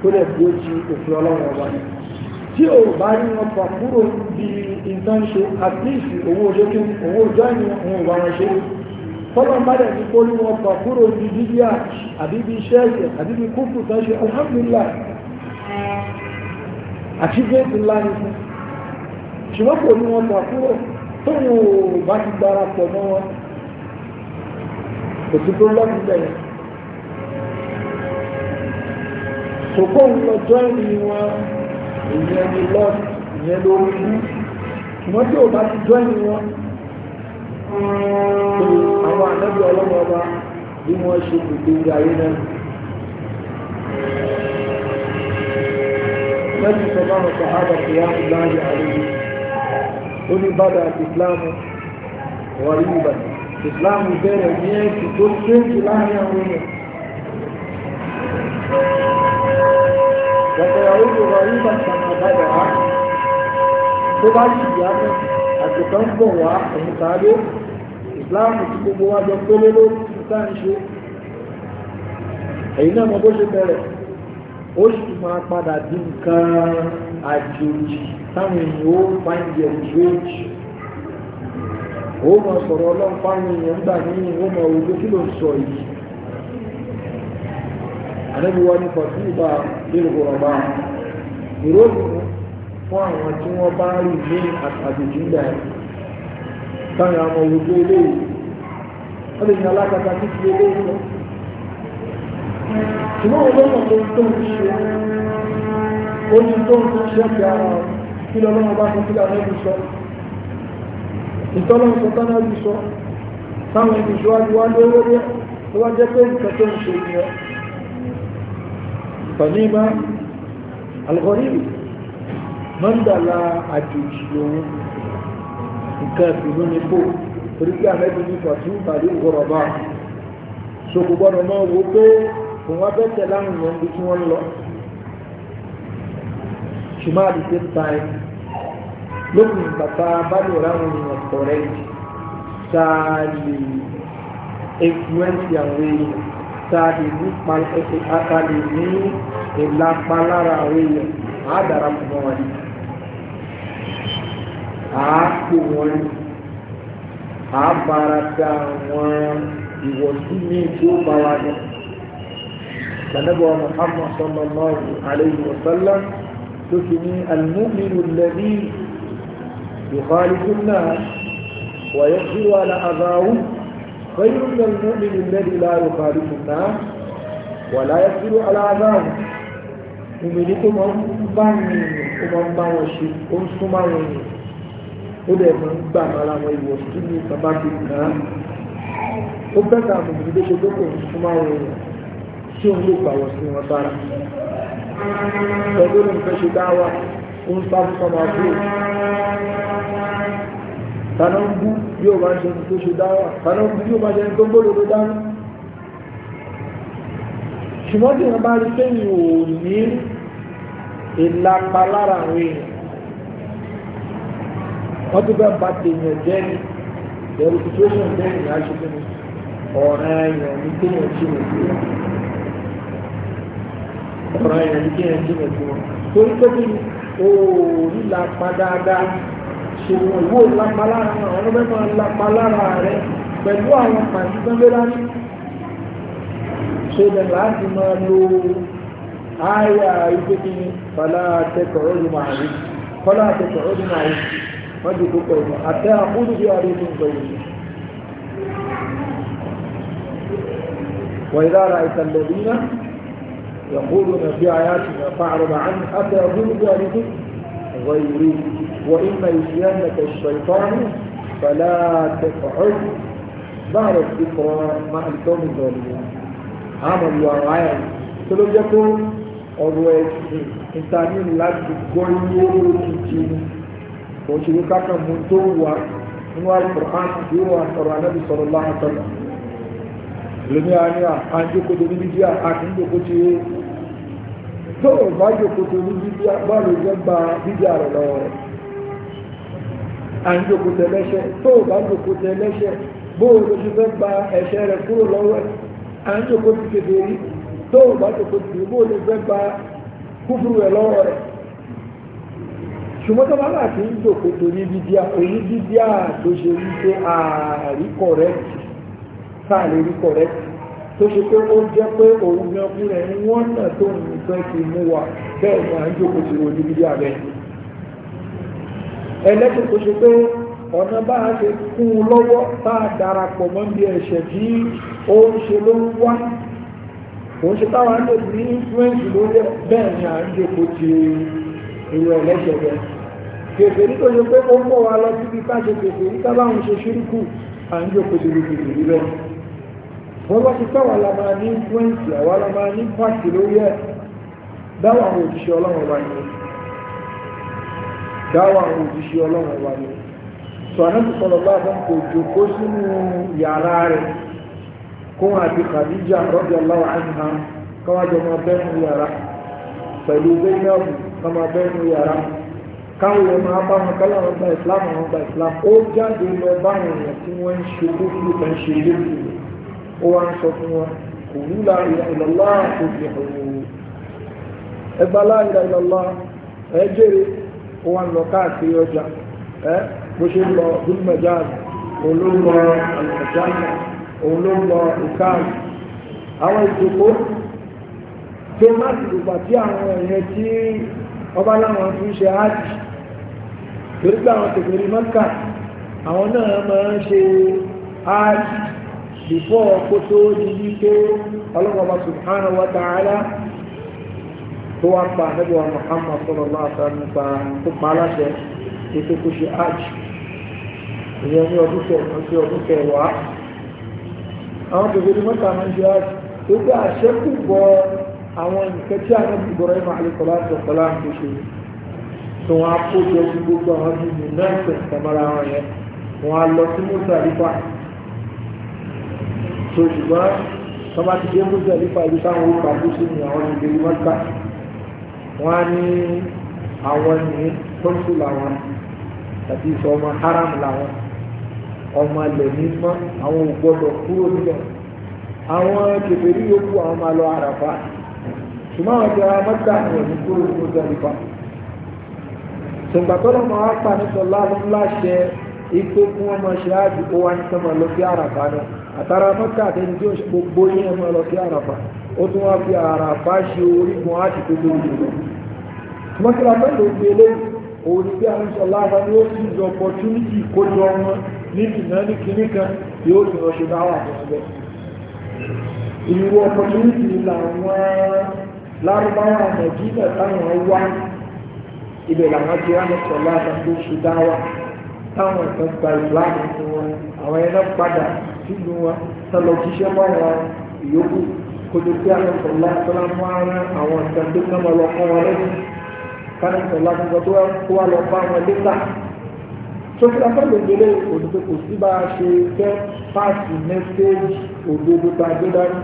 tó lẹ̀ bí ó ti òfin ọlọ́run ọba tí o bá rí wọn pa kúrò bí nǹkan ṣe at least owó ojú kí owó ojú àìní wọn ò bá wọn ṣe tọ́lọ́n bá dẹ̀ ti kó ní wọn pa kúrò bí bíbíà àbí bí iṣẹ́ ẹ̀sẹ̀ àbí bí kúkú tán ṣe alhamdulillah achievement ńlá ni fún ṣùgbọ́n kò ní wọn pa kúrò tó wọn ò bá ti gbára pọ̀ mọ́ wọn kò sí problem bẹ́ẹ̀ sòkó ń lọ ìrìn wọn ìyẹn ni lọ́ọ̀tì ìyẹn ló ń mú ṣùgbọ́n tí ò bá ti jọ́ ìlú wọn tó àwọn ànábì ọlọ́wọ́ ọba bí wọ́n ṣe gbogbo ìgbà ayé náà lẹ́yìn tó bá wọn sọ̀hábà tó wá ní láàyè àríwí ó ní bàdà àti ìsìláàmù wà rí ìbàdàn ìsìláàmù bẹ̀rẹ̀ ní ẹ̀sìn tó ṣe é jù láàrin àwọn èèyàn وسيعود غريبا كما بدا تبع الشياب أتكنبه ومتابع إسلام تكبه وجبله له إنسان شيء èyí náà mo bó ṣe bẹ̀rẹ̀ ó sì máa padà di nǹkan àjòjì táwọn èèyàn ó fáìndì ẹ̀jọ́jì ó mọ̀ sọ̀rọ̀ ọlọ́run fáwọn èèyàn ń gbà ní ìwọ́n mọ̀ ogun kí ló ń sọ yìí àdẹ́bí wa ní fọ̀tíbà lélùkọ̀rọ̀bá ìròyìn fún àwọn tí wọ́n bá rí ní àjèjì ńlẹ̀ táwọn ọmọ olùgbé eléyìí wọ́n lè ní alákatá títí eléyìí lọ. ṣùgbọ́n wọn lọ́nà tó ń tó ń ṣe ó ní tó ń tó ń ṣe ọ̀kẹ́ ara kí lọ́lọ́run bá sọ sílẹ̀ lẹ́nu sọ ìtọ́lọ́run sọ tánà lù sọ táwọn ìbùsọ̀ àdúrà lówó rẹ̀ tó wá jẹ́ pé nǹkan tó ń ṣe nìyẹn tọ́nímá algorithmi mọ́ndàlá àjòjì lòun nǹkan ìlú ní kó torí pé àmẹ́bí ní fọ̀tún tàbí ìgbọ̀rọ̀bá ṣòkò gbọ́dọ̀ máa wo pé kò wọ́n fẹ́ tẹ̀ láwọn èèyàn bí tí wọ́n lọ ṣùgbọ́n at the tàbí nípa àtàlè ní ìlàpá lára àwọn èèyàn á dára fún wọn ni á pè wọn ni á bára dá wọn ìwọ̀sí ní tí ó bá wa ní. Sanabuwa Muhammad sallallahu alayhi wa sallam tó fi ní al-mu'minu alladhi yukhalifu an-nas wa yaqdiru ala adhawih خير من المؤمن الذي لا يخالف الناس ولا يسير على عذاب òmìnir tó máa ń bá yìnyín ó máa ń bá wọn ṣe ó ń sún máa wọn yìnyín ó dẹ̀ ní bàbá ti kàn ó ń lè pàwọ̀ sí wọn bára pẹ̀lú òun fẹ́ ṣe dáwà ó ń sáfún sọmọ àbúrò tánà ń bú yóò bá ń ṣe tó ṣe dáwà tánà ń bú yóò bá ṣe tó gbọ́dọ̀ tó dáwà ṣùgbọ́n tí wọ́n bá rí sẹ́yìn ò ní ìlàpá lára àwọn èèyàn wọ́n ti fẹ́ ba tèèyàn jẹ́ ni ẹ̀rù situation bẹ́ẹ̀ ni a ṣe fún èèyàn ní kéèyàn tí mo fi wọ́n ọ̀ràn èèyàn ní kéèyàn tí mo fi wọ́n torí pé kí o ò ìlàpá dáadáa ṣùgbọ́n ìwò lápá lára àwọn ọlọ́bẹ̀ máa lápá lára rẹ pẹ̀lú àwọn pàṣẹ tọ́lẹ́lá ní ṣẹlẹ̀ láti máa lo àyà ìgbégi fàlà àtẹkọ̀ọ́ ló máa rí fọlá àtẹkọ̀ọ́ ló máa rí wọ́n ti kó pẹ̀lú àtẹ àkúrú bí wàá rí ní ìgbà yìí. وإذا رأيت الذين يقولون في آياتنا فأعرض عنهم حتى يقولوا بأرضهم غيري وإما يسيانك الشيطان فلا تقعد بعد الذكرى مع القوم الظالمين عمل وعيال تلو يكون ọ̀rọ̀ ẹ̀sìn ìtàní láti gbọ́ ilé òkìkí òṣèlú kákan mú tó wà nínú àìkọ̀rán tí ó wà sọ̀rọ̀ anábì sọ̀rọ̀ láàtọ̀nà lómi àárín àjọkòtò níbi díà àti níjòkòtò tó o bá yòkòtò ní bíbí báwo ló gba bíbí àrẹ lọ́wọ́ rẹ̀ à ń yòkòtò ẹlẹ́ṣẹ̀ tó o bá yòkòtò ẹlẹ́ṣẹ̀ bó o ló ṣe fẹ́ gba ẹ̀ṣẹ̀ rẹ̀ kúrò lọ́wọ́ ẹ̀ à ń yòkòtò kékeré tó o bá yòkòtò bó o ló fẹ́ gba kúfúrú rẹ̀ lọ́wọ́ rẹ̀ ṣùgbọ́n tó bá láti ń jòkòtò ní bíbíà òní bíbíà tó ṣe wípé ààrí kọ̀rẹ́tì tó ṣe pé ó jẹ́ pé òun gan fún rẹ̀ ní wọ́n náà tó ń fẹ́ fi mú wa bẹ́ẹ̀ ni à ń jókòó sí ojú bíbí abẹ́ ẹlẹ́sìn tó ṣe pé ọ̀nà bá a ṣe kún un lọ́wọ́ bá a darapọ̀ mọ́ bí ẹ̀ṣẹ̀ tí ó ń ṣe ló ń wá òun ṣe táwọn àjò ní influence ló jẹ́ bẹ́ẹ̀ ni à ń jókòó ti irú ẹlẹ́ṣẹ̀ rẹ̀ kèfè ní tó ṣe pé ó mọ̀ wa lọ síbi ká ṣe kèfè ní wọ́n bá ti táwọn alamá ní influence àwọn alamá ní pàṣẹ lórí ẹ̀ dáwọ̀ àwọn òjíṣẹ́ ọlọ́run wa ni dáwọ̀ àwọn òjíṣẹ́ ọlọ́run wa ni sọ anábì sọ̀rọ̀ bá fẹ́ kò jòkó sínú yàrá rẹ̀ kó wọn àti Khadija radiyallahu anha káwájọ máa bẹ́ẹ̀nu yàrá pẹ̀lú bẹ́ẹ̀nàbù káwá bẹ́ẹ̀nu yàrá káwọn èèyàn máa bá wọn kálọ̀ wọn gba ìsìlámù wọn gba ìsìlámù ó jáde lọ báwọn èèyàn tí wọ́n ń ṣe lókùlù kan ṣe lókùlù ó wá ń sọ fún wọn kò wú láàrin ìlọ́lá kò fi hàn wọ́n ẹ jèrè ó lọ káàkiri ẹ bó ṣe lọ bílmẹjáàz òun ló lọ àlùmọjáàmù òun ló lọ ìkáàz àwọn ìjòkó tó má ti gbà tí àwọn èèyàn tí ọba láwọn fi ń ṣe áàjì torí pé àwọn mọ́kà bìfọ́ kótó ní wípé ọlọ́mọba subhanahu wa ta'ala tó wá pa ànábì wa Muhammad sallallahu alaihi wasallam nípa tó pa aláṣẹ ètò kó ṣe hajj ìyẹn ní ọdún kẹwàá sí ọdún kẹwàá àwọn bèbè ní mọ́ta máa ń ṣe hajj tó gbé àṣẹkù bọ àwọn nǹkan tí ànábì Ibrahim alayhi salatu wa salam tó ṣe tó wọn á kó jọ sí gbogbo àwọn bíbí náà tẹ̀sán mara wọn yẹn wọn á lọ sí mọ́tà nípa tó ṣùgbọ́n wọ́n bá ti dé múzẹ̀ nípa ibi táwọn orúkọ àbúṣe ni àwọn ìgbèrú mọ́ta wọ́n á ní àwọn ní tọ́sù làwọn tàbí sọ ọmọ haram làwọn ọmọ ilẹ̀ mímọ́ àwọn ò gbọ́dọ̀ kúrò níbẹ̀ àwọn kèfèrí yòókù àwọn máa lọ àràfà ṣùgbọ́n àwọn ìjọba mọ́ta ni òní kúrò ní múzẹ̀ nípa sọ̀gbàtọ́lọ́ máa wá pa ní sọ láàrín láṣẹ ikú kí wọ́n máa ṣe áàdì ó wá ní sọ́mọ lọ sí àràfà náà àtàrà mọ́kà àtẹni tí ó ṣe gbogbo ní ẹmọ lọ sí àràfà ó tún wá fi àràfà ṣe orígun áàtì tó lórí jùlọ mọ́kìlá mẹ́lò gbé eléyìí òun ni bí a ń sọ láàbá ni ó ti jọ opportunity kójọ wọn ní ìná ní kinní kan yóò tún lọ ṣe bá fún ẹgbẹ́ ìlú opportunity làwọn lárúbáwá nàìjíríà táwọn wá ibẹ̀ làwọn ti wá ní sọ̀lá àtàkùn ṣùdáwà táwọn ìtàn gba ìlú àmì tiwọn àwọn ẹ̀rọ padà sílùú wọn sọlọ jíṣẹ́ mọ́ra ìyókù kojú pé àwọn sọlá sọlá mọ́ ara àwọn ìtàn tó kàn lọ fún wọn lẹ́yìn kánú sọlá tó tó wà lọ fún àwọn lẹ́tà sókè afẹ́lẹ́gbẹ̀lẹ́ òdodo kò sí bá a ṣe fẹ́ páàsì mẹ́sẹ́ẹ̀jì òdodo tá a gbé dání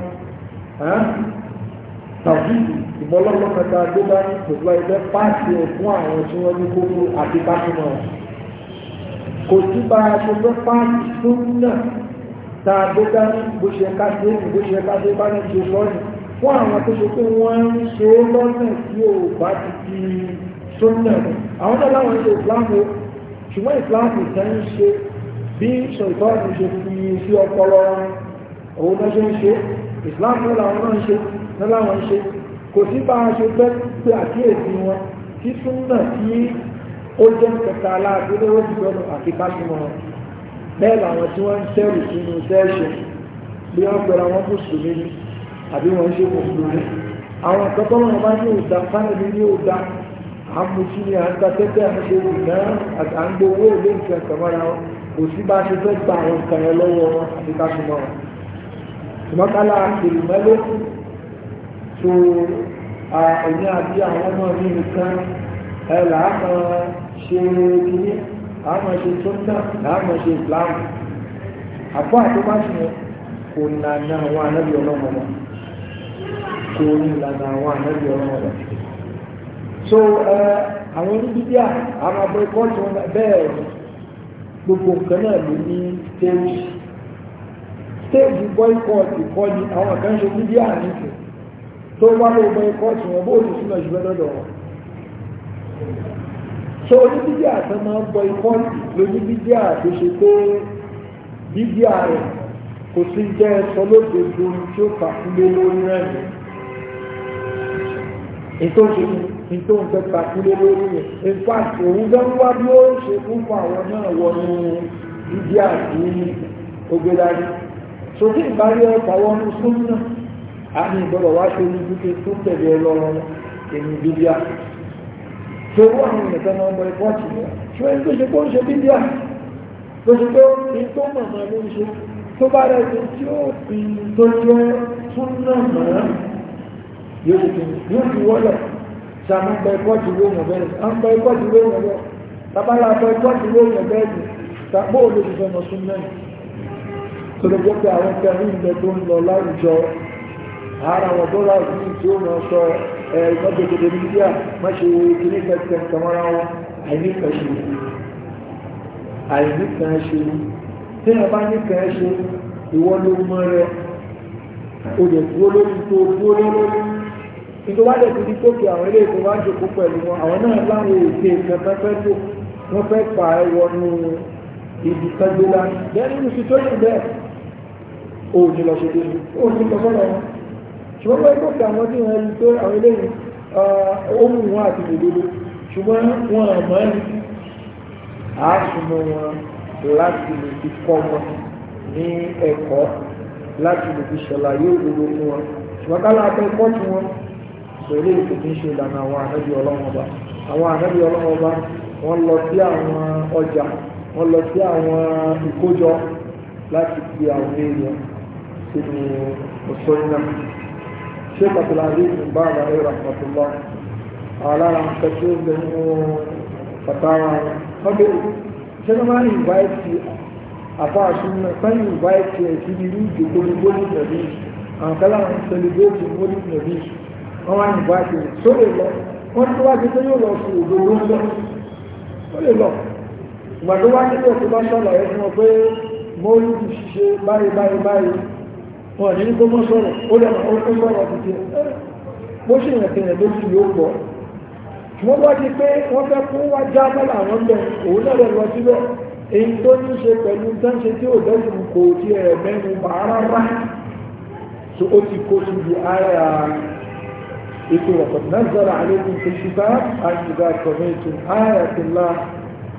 tàbí ìbọ́lọ́lọ́ kẹta tó bá ní ẹgbẹ́ páàkì ẹ̀ àwọn tí wọ́n ní kókó àti tá a gbé dání bó ṣe ká dé ní bó ṣe ká dé bá ní ṣe lọ́nà fún àwọn tó ṣe pé wọ́n ń ṣe lọ́nà tí ò bá ti di sónà àwọn tó láwọn ṣe ìsìláàmù ṣùgbọ́n ìsìláàmù ìtẹ́ ń ṣe bí ṣèǹtọ́ọ̀nù ṣe fi sí ọpọlọ òun náà ṣe ń ṣe ìsìláàmù làwọn náà ń ṣe náà láwọn ń ṣe kò sí bá a ṣe fẹ́ pé àkíyèsí wọn tí súnà tí ó jẹ́ kẹta aláàgbélẹ́wọ́ jùlọ bẹ́ẹ̀ làwọn tí wọ́n ń tẹ́rù sínú tẹ́ẹ̀ṣẹ̀ bí wọ́n pẹ̀lú àwọn mùsùlùmí ni àbí wọ́n ṣe kò fún mi àwọn nǹkan tó wọn bá ní òdà fáìlì ní òdà àmùtí ni à ń ta tẹ́tẹ́ àmúṣe ìgbà à ń gbowó ìlé nǹkan kan mọ́ra wọn kò sí bá ṣe fẹ́ gba àwọn nǹkan lọ́wọ́ wọn àti ká súnmọ́ wọn ìmọ̀kálá àkèrè mẹ́lẹ́ àmọ̀ ṣe tó ń tán àmọ̀ ṣe ìsìláàmù àpá àtúbáṣe kò nànà àwọn anábì ọlọ́mọ lọ kò na àwọn anábì ọlọ́mọ lọ. so àwọn onídìdíà àwọn abẹ́kọ́tù bẹ́ẹ̀ gbogbo nǹkan náà ló ní stage stage boycott ni àwọn kan ṣe nìkan tó wá lọ́dọ̀ wọn. so onídíjà àtàn máa ń bọ ikọ́ lónídíjà tó ṣe pé dídíà rẹ̀ kò sí jẹ́ ẹ̀sọ́ lóde lórí tí ó kà fún lé lórí rẹ̀ ní tó ń fẹ́ kà fún lé lórí rẹ̀ in òun gan wá bí ó ṣe fún àwọn náà wọnú dídíà tí ó gbé dání so tí ìbárí ọ̀pá wọnú sún náà a ní ìgbọ́dọ̀ wá ṣe orí dúkẹ́ tó tẹ̀lé ọlọ́run èmi dídíà torí àwọn ìrìnàjò náà mọ ẹ̀kọ́ àti ìyá ṣùgbọ́n tó ṣe kó ń ṣe bíbíà tó ṣe tó ní tó mọ̀mọ́ ló ń ṣe tó bá rẹ̀ ṣe tí ó fi tó jẹ́ tún náà mọ̀ ẹ́ yóò fi wọ́lẹ̀ ṣàmú bẹ ẹ̀kọ́ àti ìwé èèyàn bẹ́ẹ̀ à ń bẹ ẹ̀kọ́ àti ìwé èèyàn bẹ́ẹ̀ tabalà bẹ ẹ̀kọ́ àti ìwé èèyàn bẹ́ẹ̀ ni tàbó olóṣìṣẹ́ mọ̀ sún náà tó lè jẹ́ pé àwọn kẹrin ìgbẹ́ tó ń lọ láwùjọ ara wọn tó láì sí tí ó máa sọ ẹ ìgbàgbọ́gbọ́dọ̀ ní bíà má ṣe kiri kẹsẹ̀ kàmọ́ra wọn àìní kan ṣe àìní kan ṣe tí wọn bá ní kan ṣe ìwọ ló mọ rẹ o lè dúró lórí tó dúró lórí ìjọba lè fi ní tókè àwọn ilé ìfowópamọ́ àjòkó pẹ̀lú wọn àwọn náà láwọn èdè kankan tó wọ́n fẹ́ pa ẹwọnú ibi kan gbé láti bẹ́ẹ̀ nínú situation bẹ́ẹ̀ òun ni lọ ṣe dé òun ni lọ sọ́dọ̀ wọn ṣùgbọ́n wọ́n kò kà wọ́n tí wọ́n rí pé àwọn eléyìí ohun wọn àti òdodo ṣùgbọ́n wọn àmọ́ ẹni á súnmọ́ wọn láti lè fi kọ́ wọn ní ẹ̀kọ́ láti lè fi ṣàlàyé òdodo fún wọn ṣùgbọ́n ká láti ẹ̀kọ́ tí wọn sọ eléyìí kò kí ń ṣe ìlànà àwọn ànábì ọlọ́wọ́n ọba àwọn ànábì ọlọ́wọ́n ọba wọ́n lọ sí àwọn ọjà wọ́n lọ sí àwọn ìkójọ láti fi àwọn èèyàn sínú òṣòyìn náà sheikh abdulaziz bin baz alayhi rahmatullah alára nǹkan tí ó lè mú fatawa wọn bẹ ṣẹlẹ máa ń invite àfáàṣù náà sáyẹn invite ẹ sí irú ìjókòó ní bóyá nàbí àwọn kálá ń celebrate bóyá nàbí wọn wá invite sóde lọ wọn tó wá ti pé yóò lọ sí òdòdó lọ ó lè lọ ìgbà tó wá nílò tó bá ṣọlọ ẹ fún ọ pé mọ́lù ti ṣiṣẹ́ báyìí báyìí báyìí wọn ní kó mọ́ sọ̀rọ̀ ó lẹ́nu ó sọ̀rọ̀ títí bó ṣe ìrìnkè rẹ̀ ló fi yóò pọ̀ wọ́n bá di pé wọ́n fẹ́ kó wá já mọ́lá àwọn bẹ̀ òun náà lọ síbẹ̀ èyí tó ní ṣe pẹ̀lú tánṣe tí ò dẹ́sùn kò tí ẹ̀ mẹ́nu bà rárá so ó ti kó síbi ara ètò ọ̀pọ̀ náà zọra àlékún tó ṣe bá àṣìgbà kọ̀mẹ́ ètò ara ti la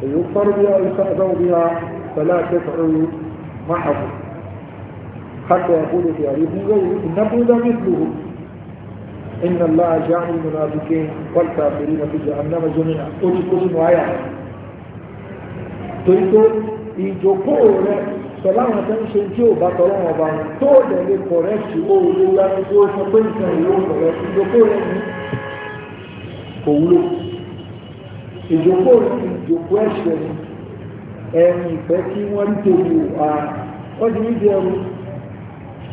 èyí fọ́rọ̀ bí wọ́n ń sá àdáwò bí wọ́n fẹ́lá àtẹ́kọ̀ọ́ máa hàbù حتى يقول في علي بن زيد إن بوذا مثله إن الله جعل المنافقين والكافرين في جهنم جميعا قل كل معايا toríko ìjókòó rẹ sọlá àwọn tó ń ṣe tí ò bá tọrọ wọn bá wọn tó dẹ̀ lè kọ̀rẹ́tì ó lè yára tí ó sọ pé nǹkan ìwé ò kọ̀rẹ́tì ìjókòó rẹ ní kò wúlò ìjókòó rẹ ní ìjókòó ẹ̀ṣẹ̀ ní ẹ̀rìn ìpẹ́ kí wọ́n ń tèmi ò ààrùn wọ́n ti ní bí ẹrù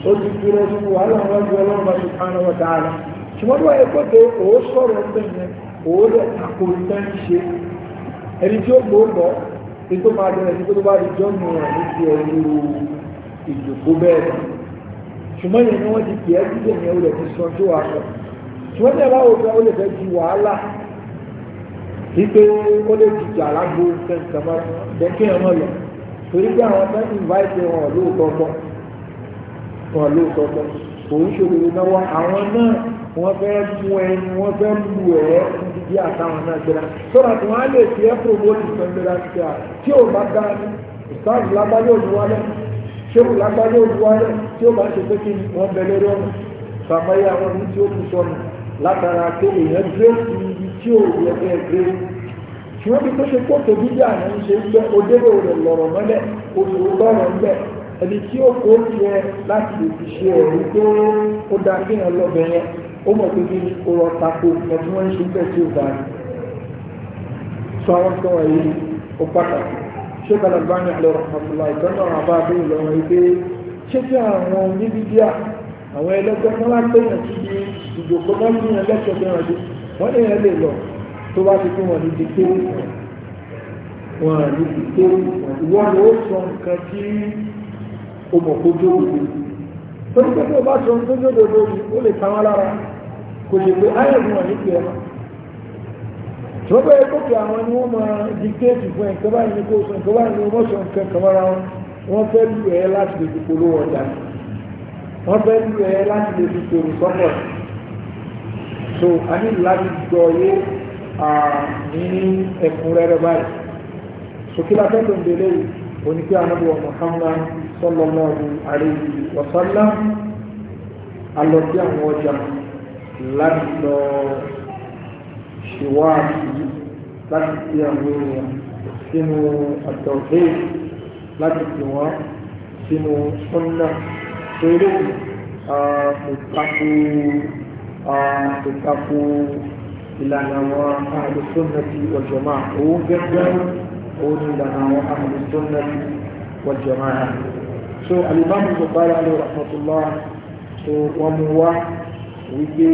ó ti dúró fún wàhálà wọn ju ọlọ́run bá ti pàánù wọn dáadáa ṣùgbọ́n bí wọ́n yẹ kó pé òó sọ̀rọ̀ ọ̀gbẹ́ yẹn òó lọ àpò ìtẹ́ ń ṣe ẹni tí ó gbòógbọ́ ní tó máa dẹrẹ ní tó bá di jọ́nù rẹ̀ ní ti ẹ̀rú ìjòkó bẹ́ẹ̀ lọ ṣùgbọ́n yẹn ni wọ́n ti tiẹ̀ sí ìyẹn ó lè fi sọ tó wà sọ ṣùgbọ́n ní ẹ̀rọ òfin ó lè fẹ́ di wàhálà wípé ó lè wọn lóòótọ́ tọ́ òun ṣòro náà wá àwọn náà wọ́n fẹ́ mú ẹni wọ́n fẹ́ lu ẹ̀ níbi bí àtàwọn náà gbéra sọ́ra tí wọ́n á lè fi ẹ́ promote ìfẹ́ gbéra sí à tí ò bá dá ní ìsáàbù lágbáyé òdúwálẹ̀ ṣéwù lágbáyé òdúwálẹ̀ tí ó bá ṣe pé kí wọ́n bẹ lórí ọ̀nà sàmáyé àwọn ohun tí ó kù sọnù látara pé èèyàn dúró sí ibi tí ò yẹ bẹ́ẹ̀ dúró ṣùgbọ́n bí tó ṣe pọ̀ ẹni tí ó kó yẹ láti lè fi ṣe ẹ̀rí pé ó da kí ẹ lọ́bẹ̀ yẹn ó mọ̀ pé kí ó lọ tako ẹ̀ tí wọ́n ń ṣe bẹ́ẹ̀ tí ó dáa sọ àwọn sọ ẹ̀yìn ó pàtàkì ṣé kàlà bá ní àlọ́ ọ̀pọ̀lọpọ̀ ìtọ́nà àbá bí ìlọrin yìí pé ṣé kí àwọn oníbíbíà àwọn ẹlẹ́gbẹ́ kan wá pé yàn kí ìjòkó náà ní ẹlẹ́gbẹ́ kan rẹ̀ wọ́n lè yẹn lè lọ tó bá ti fún wọn ní ti kéwì wọn ní ti kéwì wọn ni ó sọ nǹkan tí o mọ̀ kó jó òdodo torí pé tó o bá sọ ohun tó jó òdodo yìí ó lè ta wọn lára kò lè pe ayé ìwọ̀n ní tiẹ̀ náà ṣùgbọ́n ẹ kókè àwọn ni wọ́n máa dictate fún ẹ̀ nǹkan báyìí ni kò sọ nǹkan báyìí ni wọ́n sọ nǹkan kan mọ́ra wọn wọ́n fẹ́ lu ẹ láti lè fi polówó ọjà wọ́n fẹ́ lu ẹ láti lè fi tòrò sọ́pọ̀ so a ní láti gbọ́ yé ní ẹ̀kúnrẹ́rẹ́ báyìí sókè látẹ́tò ń délé yìí oníkẹ́ anábọ̀ Muhammad sallallahu alayhi wa sallam alọ sí àwọn ọjà láti lọ ṣèwádìí láti fi àwọn èèyàn sínú àtọ̀gbé láti fi wọ́n sínú sọ́nà pẹ̀lú ìtakò ìlànà àwọn ahlu sunnati wal jama'a òun gẹ́gẹ́ òun ìlànà àwọn ahlu sunnati wal jama'a àti so alimami bukari alayhi rahmatullah so wọn mú wá wípé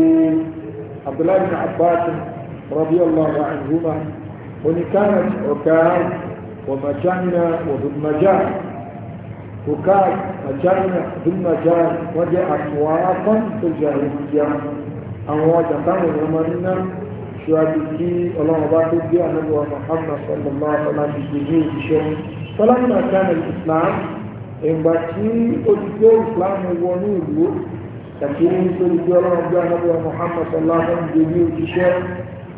abdullahi bin abbas radiyallahu anhuma oníkanat ọkàn wàmájánà wàdùnmájánà وكان مجانا بالمجان وجاءت وارقا في الجاهلية أو وجدان ومننا شهادتي الله بارك بي أن محمد صلى الله عليه وسلم بجميع شيء فلما كان الإسلام ìgbà tí olùgbé ìsìláàmù wọnú ìlú tàbí olùgbé ọlọ́run bí anábíà muhammad sallallahu alayhi wa òṣìṣẹ́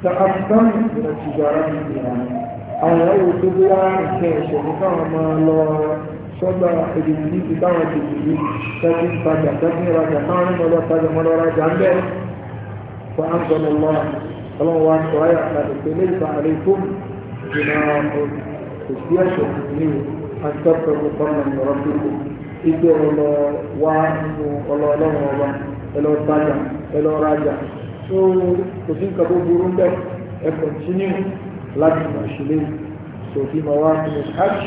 ta afghan ìrìnà ti gbàrà ní ìlànà àwọn ìyàwó tó bí wá nǹkan ẹ̀ṣẹ̀ ní káwọn máa lọ sọ́gbà èdèmí ní ti táwọn ti dìbò tàbí ìtajà tàbí ìrajà táwọn ní mọ́lọ́ tajà mọ́lọ́ rajà ń bẹ́ẹ̀ fún àǹtọ̀nù lọ́wọ́ ọlọ́run wa sọ ayà àtàlẹ́pẹ̀lẹ́ ìfà àlẹ́ fún ìgbìmọ̀ òṣìṣẹ́ ẹ̀ṣẹ̀ ní ìlú أستغفر قوما من ربكم إذ وعد الله له وبا إلى راجع إلى راجع so kò sí nǹkan tó burú ń bẹ ẹ láti mọ̀ ṣílẹ̀ so fi mọ̀ wá sí hajj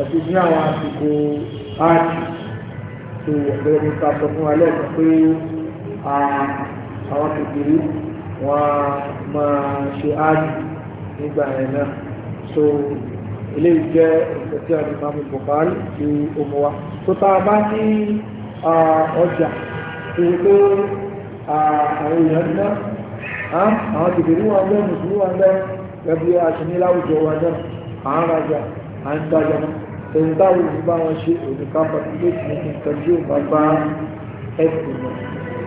àti ní àwọn àsìkò hajj so ọ̀gbẹ́rẹ́ mi ta sọ fún wa lẹ́ẹ̀kan pé àwọn kékeré wọn máa ṣe hajj nígbà yẹn náà so eléyìí jẹ́ tí a lè máa mú Bukhari ju ọmọ wa tó tá a bá ní ọjà tó tó àwọn èèyàn ná àwọn tìbìrì wọn bẹ́ẹ̀ mùsùlùmí wọn bẹ́ẹ̀ gẹ́gẹ́ bí aṣèléláwùjọ wọn náà à ń rajà à ń tajà náà ẹ̀rù báwo ni bá wọn ṣe òdìkà pàtàkì ní nǹkan tí ó bá bá ẹ̀sìn mọ̀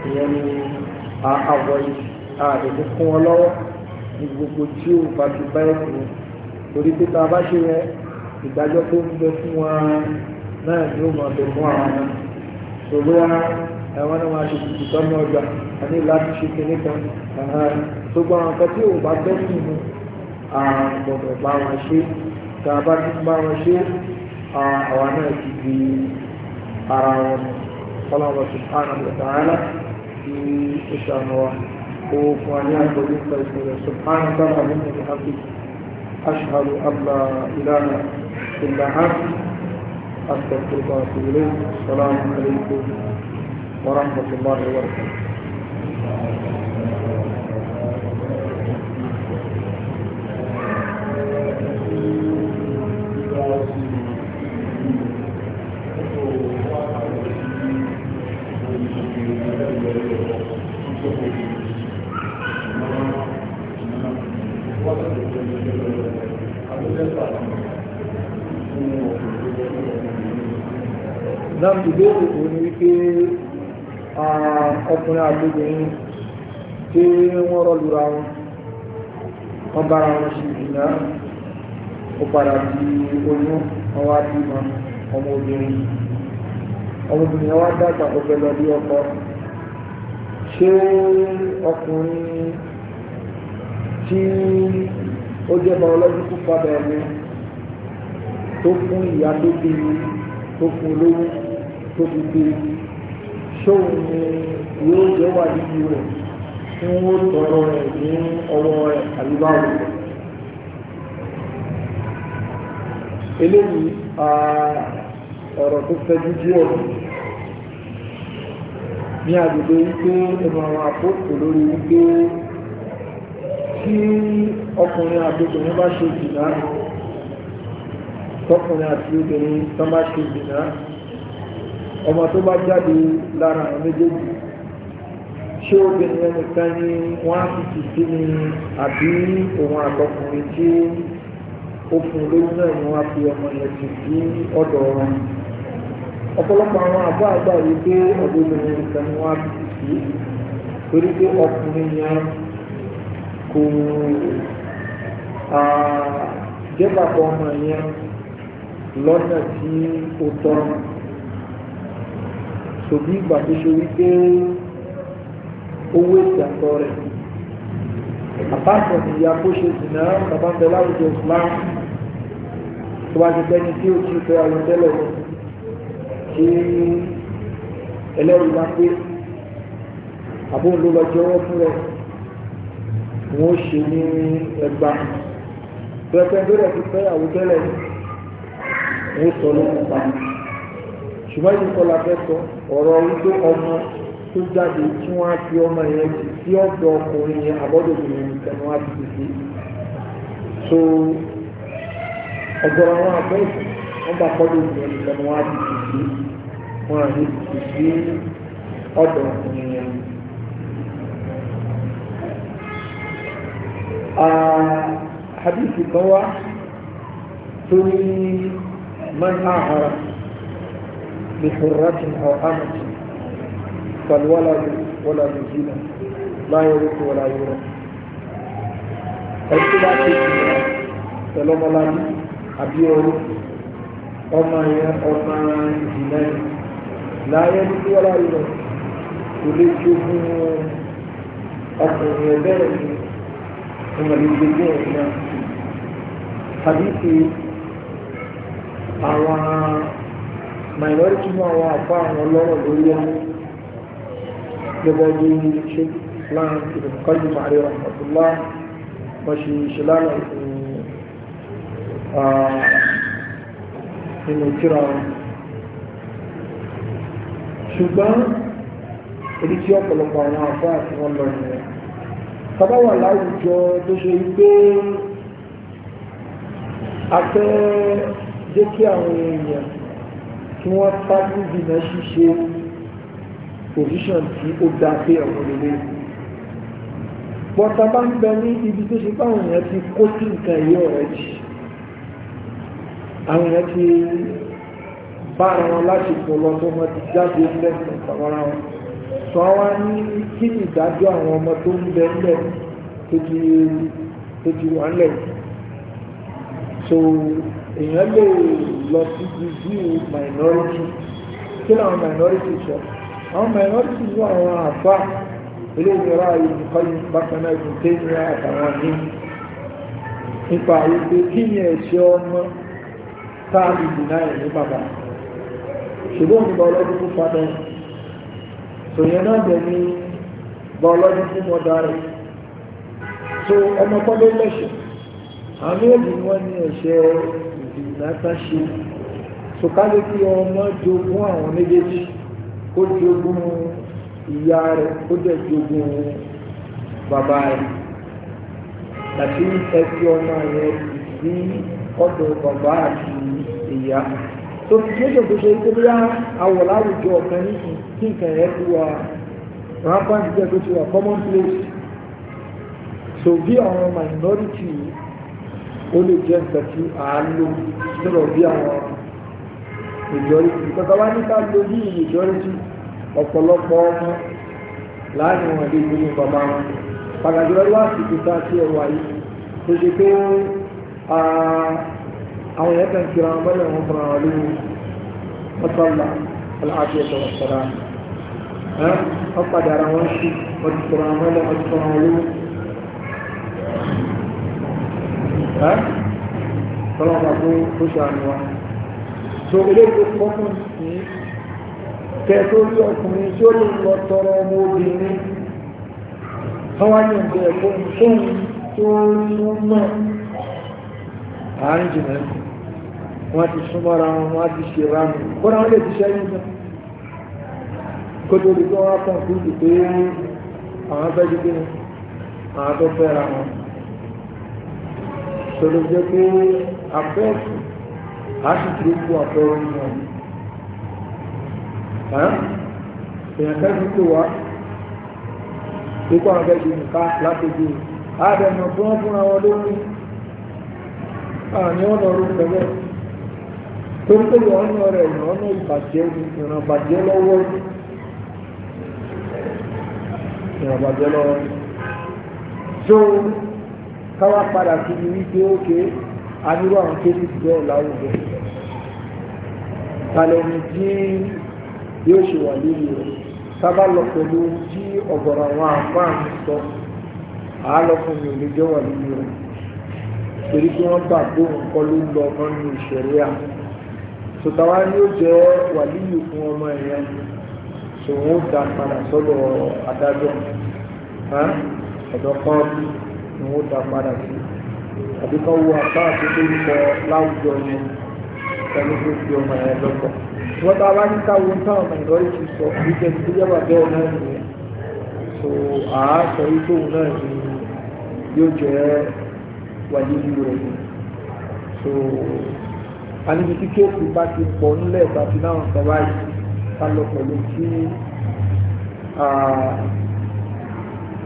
ìyẹn ni àwọ̀ àdìmú fún ọ lọ́wọ́ ní gbogbo tí ó bá ti bá ẹ̀sìn torí pé tá a bá ṣe yẹn ìdájọ́ tó ń bẹ fún wa náà ni ó máa bẹ fún àwọn náà ṣòro wa àwọn náà máa ṣe tuntun sọ́nà ọjà a láti ṣe kinní kan tó gba àwọn kan tí ò bá bẹ́ sí mu àrùn gbọ̀gbọ̀ bá wọn ṣe tá a bá ti bá wọn ṣe àwa náà ti di ara wọn kọ́lọ́wọ́ subhanahu wa ta'ala kí ó ṣàmùwà kó fún wa ní àgbọ̀lú pẹ̀lú rẹ̀ subhanahu wa ta'ala nínú ìhàkùn. أشهد أن لا إله إلا أنت أستغفرك وأتوب إليك السلام عليكم ورحمة الله وبركاته Thank you. náà ìbéèrè tó ní wípé ọkùnrin àgbègbèrin tí wọ́n rọ́lùra wọn wọ́n bára wọn ṣe ìdìnnà ó padà di oyún ọwá bímọ ọmọ obìnrin ọmọbìnrin ọwá dàgbà ọgbẹ́ lọ bí ọkọ ṣé ọkùnrin tí ó jẹ́ biological father ẹni tó fún ìyá tó bí tó fún olówó tó fi dé ṣóun ni yóò jẹ́ wà nínú rẹ̀ tí wọ́n tọrọ rẹ̀ ní ọwọ́ rẹ̀ àbíbáwò rẹ̀. eléyìí ọ̀rọ̀ tó fẹ́jú díẹ̀ ní agbègbè wípé ẹnu àwọn àpótò lórí wípé tí ọkùnrin àti bá ṣe jìnnà tọkùnrin àti obìnrin tán bá ṣe jìnnà ọmọ tó bá jáde lára àwọn méjèèjì ṣé obìnrin ẹnìkan ni wọ́n á fi tì sí ni àbí òun àtọkùnrin tí ó fún lóyún náà ni wọ́n á fi ọmọ yẹn tì sí ọ̀dọ̀ wọn ọ̀pọ̀lọpọ̀ àwọn àbá àgbà yìí pé ọ̀dọ̀ obìnrin ẹnìkan ni wọ́n á fi tì sí torí pé ọkùnrin yẹn kò jẹ́ bàbá ọmọ yẹn lọ́nà tí ó tọ́ ṣòbí ìgbà tó ṣe wípé owó ètò àtọ rẹ̀ àpapọ̀ ìyá kó ṣe dìnnà bàbá bẹ láwùjọ Islam tó bá ti bẹni tí ó ti fẹ́ àwọn tẹ́lẹ̀ lọ kí ẹlẹ́rìí bá pé àbóhùn ló lọ jọ̀wọ́ fún rẹ̀ wọ́n ṣe ní ẹgbà pẹpẹ tó rẹ̀ ti fẹ́ àwùjọ rẹ̀ wọ́n sọ lókun pa ṣùgbọ́n yìí kọ́ la fẹ́ sọ ọ̀rọ̀ wípé ọmọ tó jáde tí wọ́n á fi ọmọ yẹn ti sí ọ̀dọ̀ ọkùnrin yẹn àbọ́dọ̀bìnrin nìkan ni á ti fi so ọ̀gọ̀rọ̀ àwọn àbẹ́ ìsìn wọ́n bá àbọ́dọ̀bìnrin nìkan ni wọ́n á ti fi wọ́n á ní ti fi ọ̀dọ̀ ọkùnrin yẹn. hadithi kan wá tó ní بحرة أو أمة فالولد ولد زنا لا يرث ولا يورث ẹtí bá ti tì yẹ tẹlọmọlábí àbí ọrú ọmọ yẹn ọmọ ìdílé láyé nígbà wọlé ayé rẹ kò lè tó fún ọkùnrin ẹgbẹ́ rẹ ní ọmọlẹ́gbẹ́ rẹ náà àbí ti àwọn minority náà wọ́n àpá àwọn ọlọ́rọ̀ lórí ẹ̀ gẹ́gẹ́ bí ṣe plan ìdùn kọ́jú màrí ọ̀pọ̀lá wọ́n ṣe ṣe lánà nínú kíra wọn ṣùgbọ́n èdè tí ọ̀pọ̀lọpọ̀ àwọn àpá àti wọn lọ nìyẹn tọ́bá wà láwùjọ tó ṣe wípé a fẹ́ jẹ́ kí àwọn èèyàn kí wọ́n fá ní ìdìnà ṣíṣe position tí ó dá pé ọ̀rọ̀ lélẹ̀ pọ̀tà bá ń bẹ ní ibi tó ṣe báwọn èèyàn ti kó sí nǹkan ẹ̀yẹ ọ̀rẹ́ jì àwọn èèyàn ti bá ara wọn láti pọ̀ lọ tó wọn ti jáde lẹ́sìn ìpàwọ́ra wọn sọ wá ní kí ni ìdájọ́ àwọn ọmọ tó ń bẹ ńlẹ̀ tó ti wà ńlẹ̀ so èèyàn lè lọ sí review minority kí ni àwọn minority sọ àwọn minority ní àwọn àbá eléyìíra ìdíkọ́yìn bákan náà ìdún tẹ́yìnra àtàwọn ní nípa wípé kí ni ẹ̀ṣẹ̀ ọmọ táàbì dìnnà ẹ̀ ní bàbá ṣùgbọ́n ní biological father tòyẹn náà dẹ̀ ní biological mother rẹ̀ so ọmọ kọ́lé lẹ́ṣẹ̀ àmì èdè wọn ní ẹ̀ṣẹ̀ ìlàtàṣe sọ̀kálẹ̀ kí ọmọ jogún àwọn méjèèjì ó jogún ìyá rẹ̀ ó dẹ̀ jogún bàbá rẹ̀ tàbí ẹbí ọmọ rẹ̀ sí ọ̀dọ̀ bàbá àti ìyá tó fi jẹ́jọ́ tó ṣe tó bóyá awọ̀ láwùjọ ọ̀kan nìkan kí nǹkan yẹn ti wà rampant jẹ́ tó ti wà common place so bí àwọn minority ó lè jẹ́ nǹkan tí a lò sọ̀rọ̀ bí àwọn majority kọ́tà wá níta lo ní majority ọ̀pọ̀lọpọ̀ ọmọ láàrin wọn lè gbóyún bàbá wọn pàtàkì lọ́wọ́ àsìkò tá a ti ẹ̀ wáyé tó ṣe pé àwọn èèyàn kan kira wọn bọ́lẹ̀ wọn fúnra wọn lóhùn mọ́tàlá aláàfíà tó wọ́n sọ̀rọ̀ wọn padà ara wọn sí wọn ti sọ̀rọ̀ wọn lọ́wọ́ ẹ́ tọ́lọ́pàá tó tó ṣàánú wa so eléyìí kọ́kùn sí kẹtọ́rí ọkùnrin tí ó lè lọ tọrọ ọmọ obìnrin tọ́wá ní ọ̀dọ̀ ẹ̀kọ́ nǹkan tó ń mọ̀ àárín jìnnà wọn ti súnmọ́ra wọn wọn ti ṣe ránu kọ́ra wọn lè ti ṣẹ́yìn náà kótó olùkọ́ wọn kàn fún àwọn fẹ́ ra sọ̀rọ̀ jẹ́ pé afẹ́ẹ̀sì á sì ti kú afẹ́ẹ̀rọ náà èèyàn kẹ́sì tó wá ikú àwọn akẹ́kọ̀ọ́ nìka látòjú àdẹ̀mọ̀ tí wọ́n fúnra wọn lórí àní ọ̀nà orí pẹ̀lẹ́ tó ń pèlú ọ̀nà rẹ̀ ìrànà ìbàjẹ́ ìrànbàjẹ́ lọ́wọ́ ìrànbàjẹ́ lọ́wọ́ káwá padà sí ní wípé ókè anírú àwọn kéde ìjọ láwùjọ talẹ̀mí tí yóò ṣe wà lórí rẹ̀ sábà lọ pẹ̀lú tí ọ̀gọ̀rọ̀ àwọn àǹfààní sọ àálọ́kùnrin ò lè jọ wà lórí rẹ̀ torí pé wọ́n gbà pé òun kọ́ ló ń lọ ọmọ nínú ìṣẹ̀lẹ̀ à sọtawa ni ó jẹ́ wàlíyù fún ọmọ ẹ̀yẹn sòun ó dá padà sọ́dọ̀ adájọ́ ọ̀dọ̀ kan bíi ni wọ́n dá padà sí àbí kan wo apá àti tó ń sọ láwùjọ yẹn pẹ̀lú tó fi ọmọ yẹn lọ́kọ̀. wọ́n bá wá ní káwọn táwọn ọmọ ìrọ̀lì ti sọ àbí jẹ́ tó yẹ bàbá náà nìyẹn so àásọ yìí tóun náà ni yóò jẹ́ wáyé yìí rẹ̀ ni so anibi tí kéèkì bá ti pọ̀ nílẹ̀ bá ti náà sọ báyìí ká lọ pẹ̀lú tí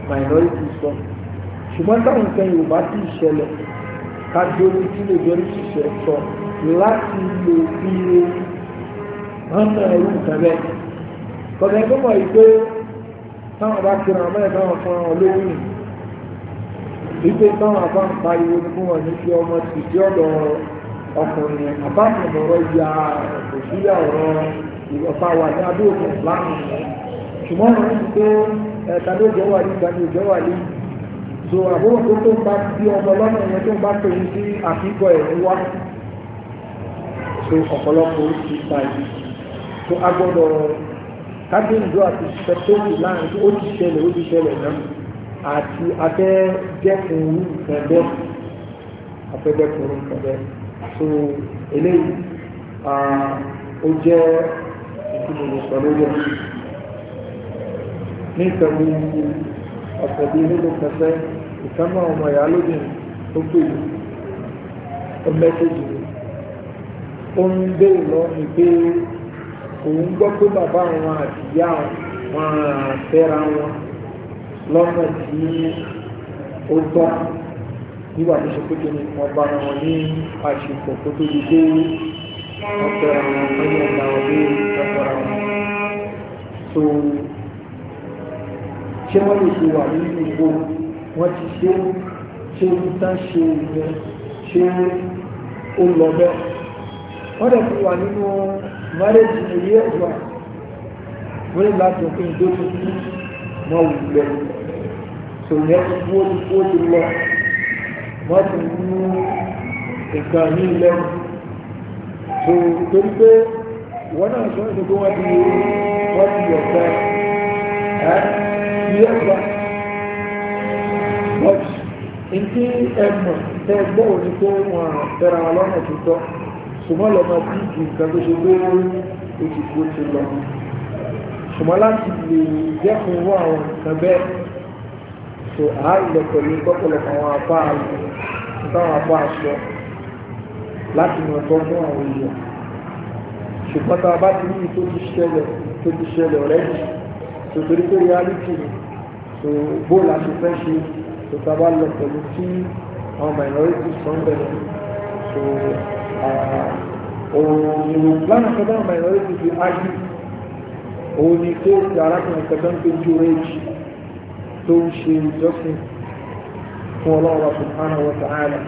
minority sọ. So, ṣùgbọ́n táwọn nǹkan yóò bá ti ṣẹlẹ̀ ká dórí tí lè dórí ṣiṣẹ́ sọ láti lò fi hànà ẹrú nǹkan bẹ́ẹ̀. kọ̀dà ẹgbẹ́ mọ̀ yìí pé táwọn bá kiri àwọn mẹ́rin táwọn fún wọn lówó nì wípé táwọn àbá ń pariwo ní fún wọn ní fi ọmọ sì sí ọ̀dọ̀ ọkùnrin yẹn àbá mi lọ́rọ̀ ya kò sí ọ̀rọ̀ ìwọ̀fà wà ní abẹ́ òkè láàmú ṣùgbọ́n wọn ti pé ẹ̀ka ló jẹ́ wà ní ìgbà wà ní ìgbà so àbúrò tó tó bá bí ọmọ lọ́nà ìyẹn tó bá pè ní sí àfihàn ẹ̀mí wá so ọ̀pọ̀lọpọ̀ ti ta yìí so a gbọ́dọ̀ kábíyèndó àti sẹ́tóòlù láàrin tó ó ti ṣẹlẹ̀ ó ti ṣẹlẹ̀ náà àti afẹ́dẹ́kùn nǹkan bẹ́ẹ̀ afẹ́dẹ́kùn nǹkan bẹ́ẹ̀ so eléyìí ó jẹ́ ìtumọ̀ ìsọ̀rọ̀ ní ìtẹ̀wé ọ̀sẹ̀ bíi kata, sama fẹ́ yang ọmọ ìyá lóbìnrin ó pè mí ó mẹ́sẹ̀jì mi ó ń béèrè lọ́wọ́ mi pé òun gbọ́ pé bàbá àwọn àti ìyá wọn fẹ́ra wọn lọ́nà tí ó tọ́ nígbà tó ṣe pé kí ni wọ́n bá wọn ní àṣepọ̀ kó tó di pé wọ́n fẹ́ra wọn lọ́nà ìgbà wọn lé ìtọ́jú wọn ṣé wọ́n lè ṣe wà nínú ipò wọ́n ti ṣe ṣe ń tán ṣe ìyẹn ṣe ó lọ bẹ́ẹ̀ wọ́n dẹ̀ ti wà nínú marriage ní ilé ẹ̀jọ́ wọ́n lè láti òfin tó ti kú mọ́ òwúlẹ̀ sòyẹ́ ti kú ó ti kú ti lọ wọ́n ti mú nǹkan ní ilẹ̀ so torí pé wọ́n náà sọ wọ́n ti wọ́n ti yọ̀ fẹ́ ẹ́ yẹ́gbà but ìdí ẹ̀mọ̀ tẹ́ gbọ́ òní tó wọ́n tẹ́ra lọ́nà tó tọ́ ṣùgbọ́n lọ́nà bí ìdí nǹkan tó ṣe gbé oṣù tó ti lọ ṣùgbọ́n láti lè dẹ́kun wọ́n àwọn nǹkan bẹ́ẹ̀ so àálẹ̀ pẹ̀lú pọ́pọ̀lọpọ̀ àwọn apá àlọ́ táwọn apá aṣọ láti mọ̀ tọ́ fún àwọn èèyàn ṣùgbọ́n tá a bá ti ní tó ti ṣẹlẹ̀ tó ti ṣẹlẹ̀ ọ̀rẹ́dì tòtòrí pé reality so bóòlù àti fẹ́ ṣe tó ta bá lọ pẹ̀lú tí àwọn minority sàn bẹ̀rẹ̀ so òun ìlú lánàá kan náà minority fi ájú òun ni kó ti arákùnrin kan tó ń pè ju èjì tó ń ṣe ìjọsìn fún ọlọ́run subhanahu wa ta'ala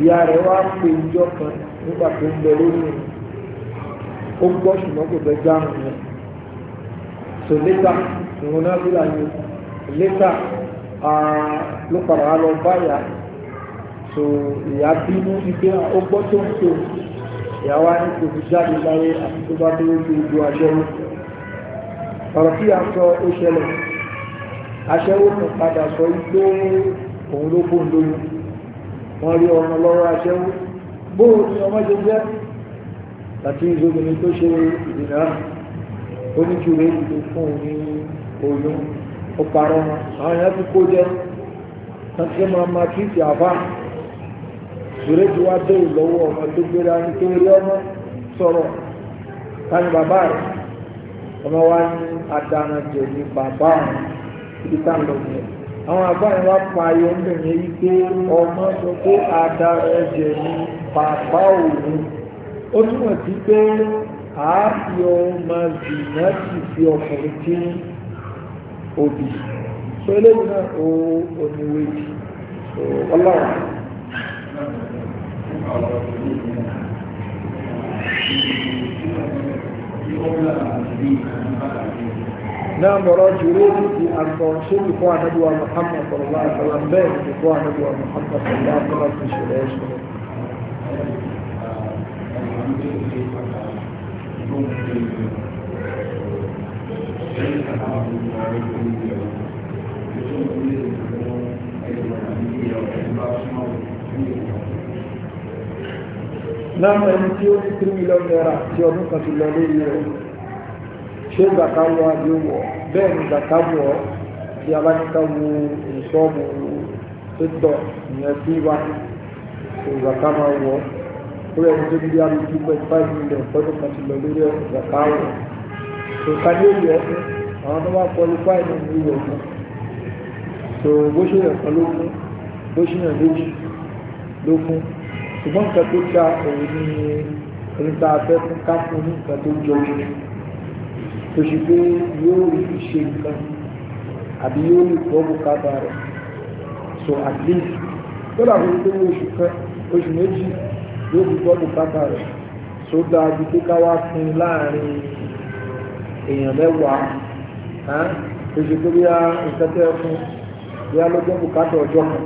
ìyá rẹ̀ wá pé ìjọ kan nígbà tó ń bẹ lórí ó gbọ́ ṣùgbọ́n kò fẹ́ jáàmù rẹ̀ so later náà bí láyé lẹ́tà ló padà lọ báyà so ìyá bínú wípé ah, ó gbọ́ tó ń tó ìyá wa ní kò fi jáde láyé àti tó bá dúró ju ojú aṣẹ́wó ọ̀rọ̀ tí a sọ ó ṣẹlẹ̀ aṣẹ́wó kan padà sọ wípé òun ló kó ń lóyún wọ́n rí ọmọ lọ́wọ́ aṣẹ́wó bóò ni ọmọ ṣe jẹ́ àti ìzòmìnir tó ṣe ìdìnnà ó ní fún òun ní oyún ó ha wọn àwọn èèyàn ti kó jẹ́ máa ma kí ti àbá ìrètí wa dé ìlọ́wọ́ ọmọ tó gbéra ní tó rí ọmọ sọ̀rọ̀ bàbá rẹ̀ ọmọ wa ní jẹ ní bàbá ibi tá lọ nìyẹn àwọn àbá yẹn wá pa òbí so eléyìí náà ó oníwé so ọlọ́run. náà mọ̀rọ̀ jùlọ ti àtọ̀ ṣé ìfọ́ àdébùwà Muhammad sọ̀rọ̀lá àtàlà bẹ́ẹ̀ ìfọ́ àdébùwà Muhammad sọ̀rọ̀lá àtàlà ti ṣẹlẹ̀ ẹ̀ṣọ́. Thank you láàrín ẹni tí ó ní 3 million naira tí ọdún kan ti lọ lórí rẹ̀ ṣé gbàká wọ adé wọ̀ bẹ́ẹ̀ ni gbàká wọ̀ tí a bá ní ká wo ìṣọ́ọ̀mù tó tọ̀ ìyẹn tí wá ìgbàká máa wọ̀ ó rẹ̀ ní tó ní bí a lè 2.5 million ọdún kan ti lọ lórí rẹ̀ gbàká wọ̀ nǹkan ní òye ẹ̀fún àwọn tó bá kọlu fáì náà ní òye ẹ̀fún so bó ṣe yẹ kan ló fún bó ṣe yàn méjì ló fún ṣùgbọ́n nǹkan tó ta òun ní ẹni tá a fẹ́ fún ká fún ní nǹkan tó jọ ojú tó ṣe pé yóò rí ṣe nǹkan àbí yóò rí kọ́ bùkátà rẹ̀ so at least tó dàbí pé oṣù kan oṣù méjì yóò fi kọ́ bùkátà rẹ̀ so dáa ju pé ká wá fún láàrin èèyàn mẹ́wàá oṣù tó bí a ìtẹ́tẹ́ fún bí a lọ́jọ́ bùkátà ọjọ́ kan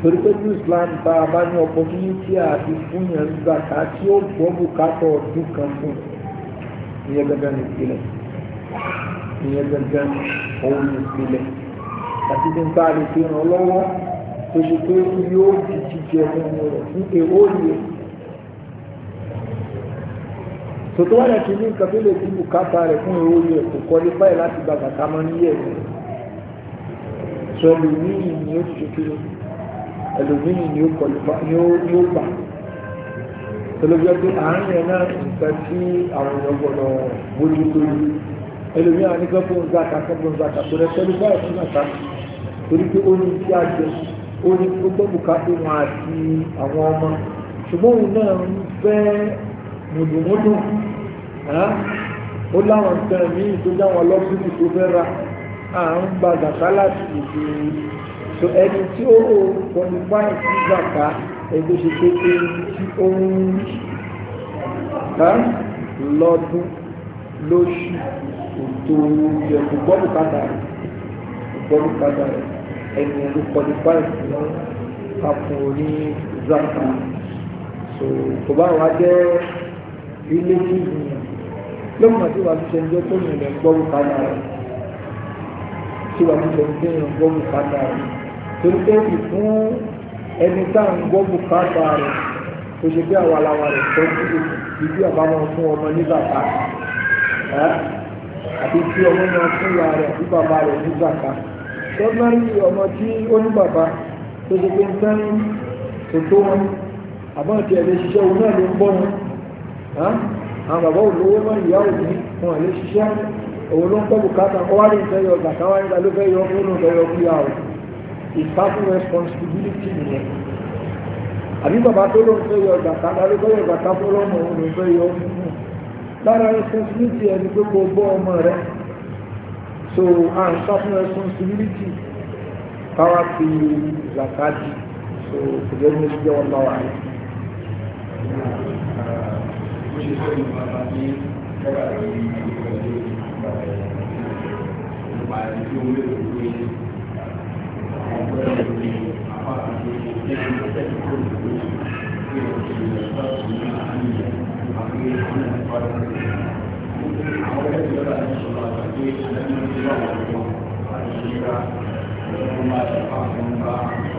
torí pé ní Islam bá a bá ní opportunity àti fún yẹn gbàtà tí ó gbọ́ bùkátà ọdún kan fún ìyẹn gangan nìpínlẹ̀ ìyẹn gangan òun nìpínlẹ̀ àti ní bá a lè fi ràn lọ́wọ́ oṣù tó yóò di jíjẹ fún rẹ̀ fún èrò yìí tòtò wà láti ní nǹkan tó lè fi bùkátà rẹ̀ fún owó yẹ kò kọ́lé báyìí láti gba bàtà mọ́ ní yẹ̀ sọ ẹlòmíì ni ó ti ṣe kiri ẹlòmíì ni ó kọ́lé ni ó gbà tẹlifí ọdún àárín ẹ̀ náà nǹkan tí àwọn èèyàn gbọ́dọ̀ bójú tó yí ẹlòmíì àwọn nígbà fún zaka fún zaka tó rẹ tẹlifí báyìí fún zaka torí pé ó ní tí a ó ní tó bùkátà wọn àti àwọn ọmọ ṣùgbọ́n òun náà ń fẹ́ mùdùmúdù ó láwọn nǹkan míì tó dáwọn lọ́sùnì tó fẹ́ ra à ń gba zàká láti ìṣòro so ẹni tí ó rò qualify sí zàká ẹgbẹ́ ṣe pé ẹni tí ó ń lọ́dún lóṣù òtò oúnjẹ kò gbọ́dọ̀ kádà rẹ̀ kò gbọ́dọ̀ rẹ̀ ẹni ẹ̀rọ qualify sí wọn papọ̀ ní zàká so kò bá wa jẹ́ ilé tí lọ́mọ tí wàá tuntun jẹ́ tó yìnbọn gbọ́ bùkátà rẹ̀ tí wàá tuntun jẹ́ yìnbọn gbọ́ bùkátà rẹ̀ torí pé ìfún ẹni tá à ń gbọ́ bùkátà rẹ̀ kò ṣe pé àwa làwa rẹ̀ tọ́jú ìdí àbámọ̀ fún ọmọ ní bàbá àti tí ọmọ náà fún ìyá rẹ̀ àti bàbá rẹ̀ ní bàbá tọ́gbọ́n ọmọ tí ó ní bàbá tó ṣe pé ń tán tó tó wọn àbọ̀n tí ẹ̀ lè ṣiṣẹ́ òun náà ló ń bọ́ wọn àwọn bàbá olówó náà ìyá òní wọn lè ṣiṣẹ́ òun ló ń pẹ́ bùkátà kọ́ wá lè fẹ́ yọ gbàtà wá nígbà ló fẹ́ yọ fún responsibility nìyẹn àbí bàbá tó ló ń fẹ́ yọ gbàtà ló fẹ́ yọ gbàtà fún ọlọ́mọ òun ló fẹ́ responsibility ẹni pé kò gbọ́ ọmọ so à ń responsibility káwá fi gbàtà so kò jẹ́ mi jẹ́ 你说你发发癫，对吧？因为你可能最近比较累，另外有没有一些？工作上的一些麻烦，这些都暂时处理不了，就是说，你把你的烦恼发出来，你把你的烦恼发出来，然后我跟你说了，就是说，你不要老是往心里边，不要把想法放心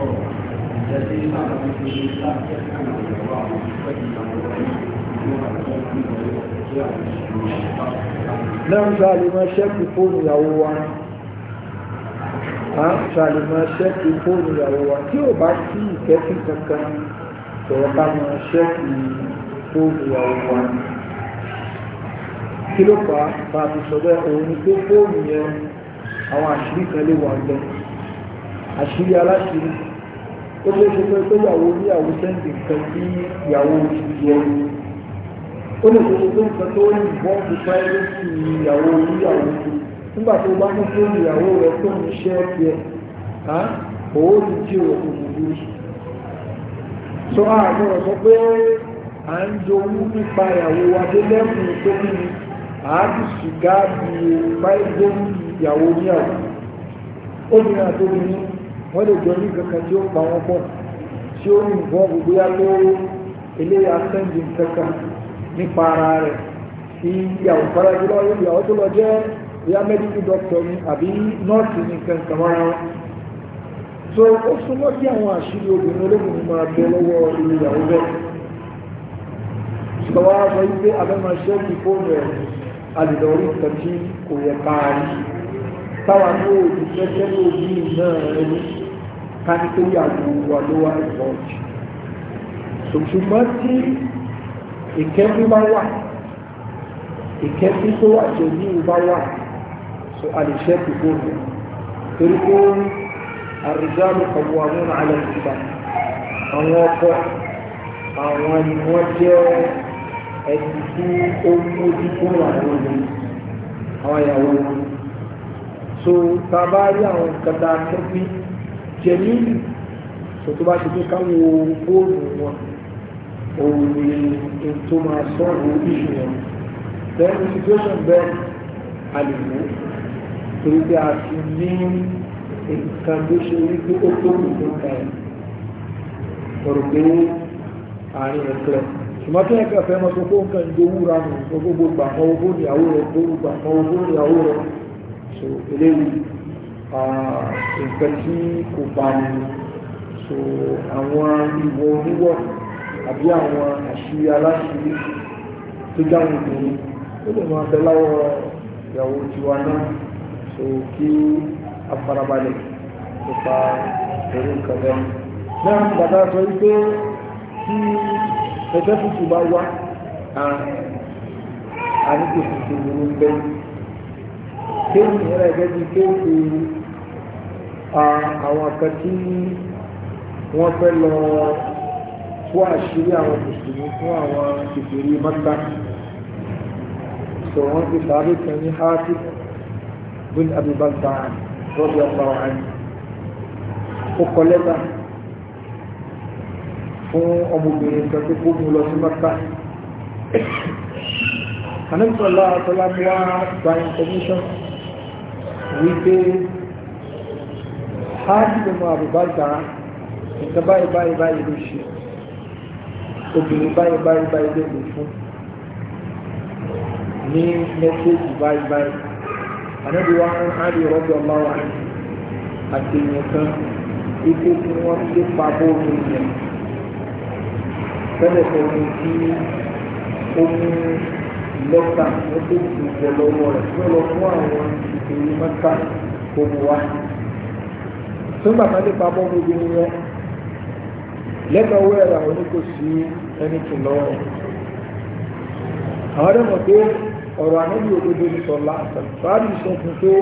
里边，然后你的心上的东西一旦接受了的话，会怎么样？náà ṣàlìmọ̀ ṣẹ́kì fóònù ìyàwó wa a ṣàlìmọ̀ ṣẹ́kì fóònù ìyàwó wa tí ò bá sí ìkẹ́kì kankan sọ̀rọ̀ ká mọ̀ ṣẹ́kì fóònù ìyàwó wa kí ló fà á bá a ti sọ bẹ́ẹ̀ òun ni pé fóònù yẹn àwọn àṣírí kan lè wà lọ àṣírí aláṣírí ó ṣeé ṣe pé pé ìyàwó oníyàwó sẹ́ǹdì kan sí ìyàwó oṣù yẹn ó lè tó tó nǹkan tó ń bọ́ nípa ẹgbẹ́ sí ìyàwó oníyàwó nígbà tó bá ní fún ìyàwó rẹ tó ń ṣe é tiẹ̀ owó ti jí rẹ̀ kò mú bí so ààrùn rẹ̀ sọ pé à ń jowú nípa ìyàwó wa dé lẹ́kùn tó ní àádì ṣìgá bí fáìgbó ìyàwó oníyàwó obìnrin àtòbìnrin wọ́n lè jọ ní kankan tí ó pa wọn pọ̀ tí ó ń bọ́ gbogbo yá lóró eléyà sẹ́ndì kankan nípa ara rẹ̀ tí ìyàwó fara jùlọ ìyàwó tó lọ jẹ́ ìyá mẹ́díkì dọ́kítọ̀ ni àbí nọ́ọ̀sì ní kankan mọ́ra wọn so ó súnmọ́ sí àwọn àṣírí obìnrin olóbìnrin máa bẹ lọ́wọ́ ìyàwó bẹ́ẹ̀ ṣùgbọ́n wá sọ wípé abẹ́mọ̀ṣẹ́ ti fóònù ẹ̀ alìlọ́rí nǹkan tí kò yẹ káàrí táwa ní òòlù fẹ́fẹ́ ní òbí náà ẹni ká ní pé yàgò wà ló wá ṣùgbọ́n tí ìkẹ́jú bá wà ìkẹ́jú tó wà tí ojú bá wà so a lè ṣẹ́kù gbogbo torí pé àrùjáàmù ọ̀wọ̀ àwọn àlẹ́ ìgbà àwọn ọkọ àwọn ni wọ́n jẹ́ ẹni tí ó mójú fún àwọn obìnrin àwọn ìyàwó wọn so tá a bá rí àwọn kàtà kẹ́bí jẹ̀mí so tó bá ti pé káwọn fóònù wọn òun ni tó máa sọ́ọ̀rọ̀ oríṣi yẹn lẹ́nu situation bẹ́ẹ̀ a lè mú torí pé a ti ní nǹkan tó ṣe wípé ó tó kù tó ń ta ẹ̀ ọ̀rọ̀ pé àárín ẹ̀kẹ́ ṣùgbọ́n tó ẹ̀kẹ́ fẹ́ mọ́ sọ pé ó ń kàn jó nù sọ gbogbo gbà owó ìyàwó rẹ̀ gbogbo gbà owó ìyàwó rẹ̀ so eléyìí nǹkan tí kò bá ní so àwọn ìwọ oníwọ̀ àbí àwọn àṣírí aláṣírí tó jáwọn obìnrin ó lè máa bẹ láwọ ìyàwó tiwa náà so kí afarabalẹ̀ nípa ẹ̀rọ nǹkan bẹ́ẹ̀. náà bàbá sọ wípé tí ẹgbẹ́ tuntun bá wá àníkò tuntun ló ń bẹ́ kéèkì yẹn gẹ́gẹ́ bí kéèkì àwọn kan tí wọ́n fẹ́ lọ tú àṣírí àwọn mùsùlùmí fún àwọn kékeré mọ́tà sọ̀rọ̀ wọn ti sáré kan ní hafi bin abubakar rọ́bì ọ̀páwá ni ó kọ lẹ́tà fún ọmọbìnrin kan tó kó mu lọ sí mọ́tà anamsọ̀lá àtọ́lámúwá gba information wípé hafi bin abubakar nǹkan báyìí báyìí báyìí ló ṣe obìnrin báyìí báyìí báyìí lè lò fún ní mẹ́sẹ̀jì báyìí báyìí ànábi wa ń hàn yọrọ bí ọba wa àti èèyàn kan ike tí wọ́n ti pa bó omi yẹn fẹ́lẹ̀ fẹ́lẹ̀ tí omi lọ́tà mẹ́sẹ̀jì ìjọ lọ́wọ́ rẹ̀ tí ó lọ fún àwọn ìpèrí mẹ́ta omi wa tó ń bàtà pa bó omi yẹn lẹ́gbẹ̀ẹ́ owó àwọn oníkòsí ẹni tì lọ́wọ́ àwọn ọ̀dọ́mọ̀ pé ọ̀rọ̀ àníbi òdodo ní sọ̀lá àtàkùnfàárì sọ fún pé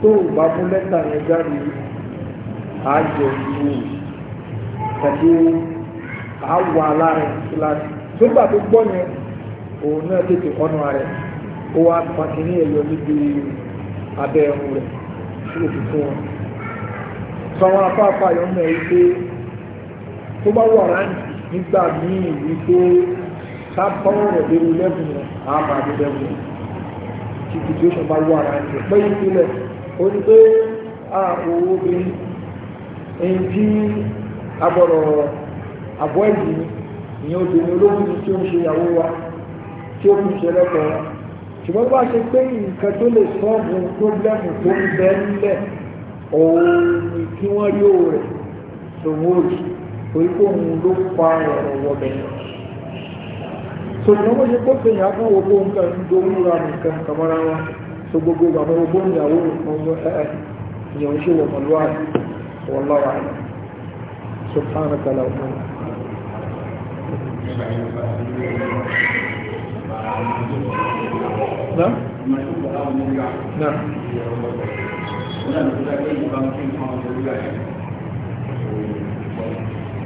tó o bá mú lẹ́tà yẹn jáde àjọ ìwò tàbí àwọ̀ aláàrẹ̀ kíláàsì nígbà tó gbọ́ yẹn òun náà tètè ọ̀nà rẹ̀ ó wá pàkínní ẹ̀yọ níbi abẹ́ ẹ̀hún rẹ̀ sí òfin fún wọn. sọ àwọn afáfáyọ̀ mọ̀ ẹ́ pé tó bá wà ráńjì nígbà míì wípé ká bá ọ̀rọ̀ léwu lẹ́bùn yẹn á máa dé lẹ́bùn yẹn kí kìí tó bá wà ara ẹ̀ pé ìpínlẹ̀ ó ní pé a owó bí ẹni tí agbọ̀rọ̀ àbọ̀ ẹ̀yìn ìyẹn obìnrin olóhùn tí ó ń ṣe ìyàwó wa tí ó ń ṣe lẹ́kọ̀ọ́ wa ṣùgbọ́n bá ṣe pé nǹkan tó lè sọ́ọ̀bù pọ́blẹ́mù tó ń bẹ nílẹ̀ òun ni kí wọ́n rí òwò rẹ̀ sòwò òjì torí pé òun ló fa ọ̀rọ̀ wọ̀bẹ̀ so ìnáwó ṣe pé pé ìyá kan owó ń kàn dorí ra nìkan kàmọ́ra wa so gbogbo àwọn owó ìyàwó ọmọ ẹ̀ẹ́ ìyàwó ṣe wọ̀ pẹ̀lú àti wọ́n lára rẹ̀ so fáwọn kàlà ọmọ Nah? Nah.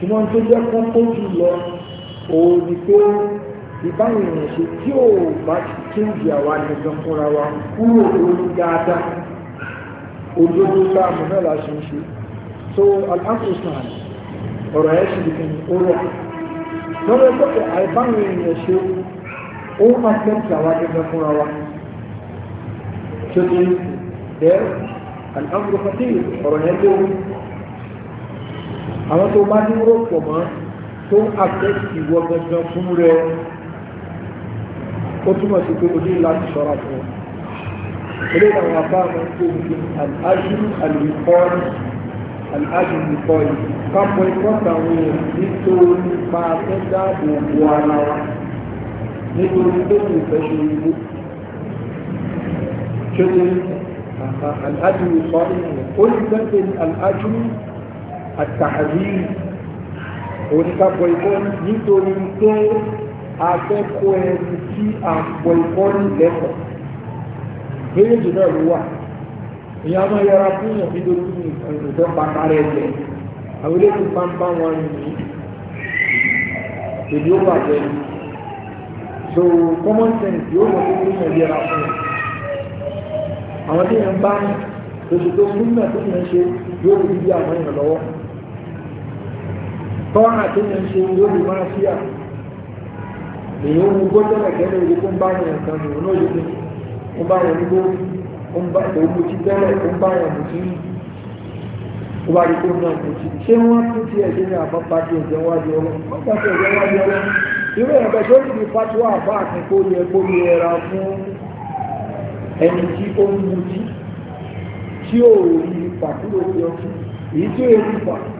ṣùgbọ́n tó jẹ́ kókó jù lọ òun ni pé ìbáyìí rìn ṣe tí ò bá ti kéjì àwa nìkan fúnra wa kúrò lórí dáadáa ojoojú láàmú náà la ṣe ń ṣe so alhamdulilayi ọ̀rọ̀ ẹ̀ ṣì dìkan ó rọ̀ lọ́wọ́ ẹgbẹ́ àìbáyìí rìn ṣe ó máa kéjì àwa nìkan fúnra wa ṣe ti bẹ́ẹ̀ alhamdulilayi ọ̀rọ̀ ẹ̀ lórí àwọn tó bá ní rò pọ̀ mọ́ tó àfẹ́sì wọ gangan fún rẹ ó túmọ̀ sí pé o ní láti ṣọ́ra fún ọ ilé àwọn apá àwọn tó ń fi àlájú àlùkọ́ àlájú nìkọ́ yìí kápọ̀ ìkọ́ta àwọn èèyàn nítorí pa afẹ́dá òògùn ara wa nítorí pé kò fẹ́ ṣe ìlú ṣe ní àlájú nìkọ́ yìí ó ní fẹ́ pé àlájú nìkọ́ àtàrí oníkàpọ̀ ikọ́ nítorí pé akẹ́kọ̀ọ́ ẹni tí a ń pọ̀ ikọ́ ní lẹ́kọ̀ọ́ méjèèjì náà ló wà ìyá máa yára fún yàn bí lórí ìfẹ́ pàtàkì ẹ̀jẹ̀ àwọn eléyìí máa ń bá wọn yìí èdè ó bàjẹ́ yìí so common sense yóò wọ́n tó kí yàn yára fún yàn àwọn tí yàn bá ń lóṣù fún yàn yàn ṣe yóò rí bí àwọn yàn lọ́wọ́ tọ́wọ́n àti ní ṣe olú máa fi à èyí ó mú gbọ́dọ̀ ẹ̀kẹ́ lè rí fún báyìí nǹkan ní òun lóye ní ó bá yẹn gbó ó mú ti tẹ́lẹ̀ ó bá yẹn mú sí ó bá rí tó náà mú sí ṣé wọ́n tún ti ẹ̀jẹ̀ ní àpapà tí ẹ̀jẹ̀ wájú ọlọ́ wọ́n ti ẹ̀jẹ̀ wájú ọlọ́ irú ẹ̀bẹ̀ tó ti di fatuwa àbá àti kó yẹ kó yẹ ra fún ẹni tí ó ń mú tí ó rí pàkúrò yọ fún èyí tí ó rí pàkúrò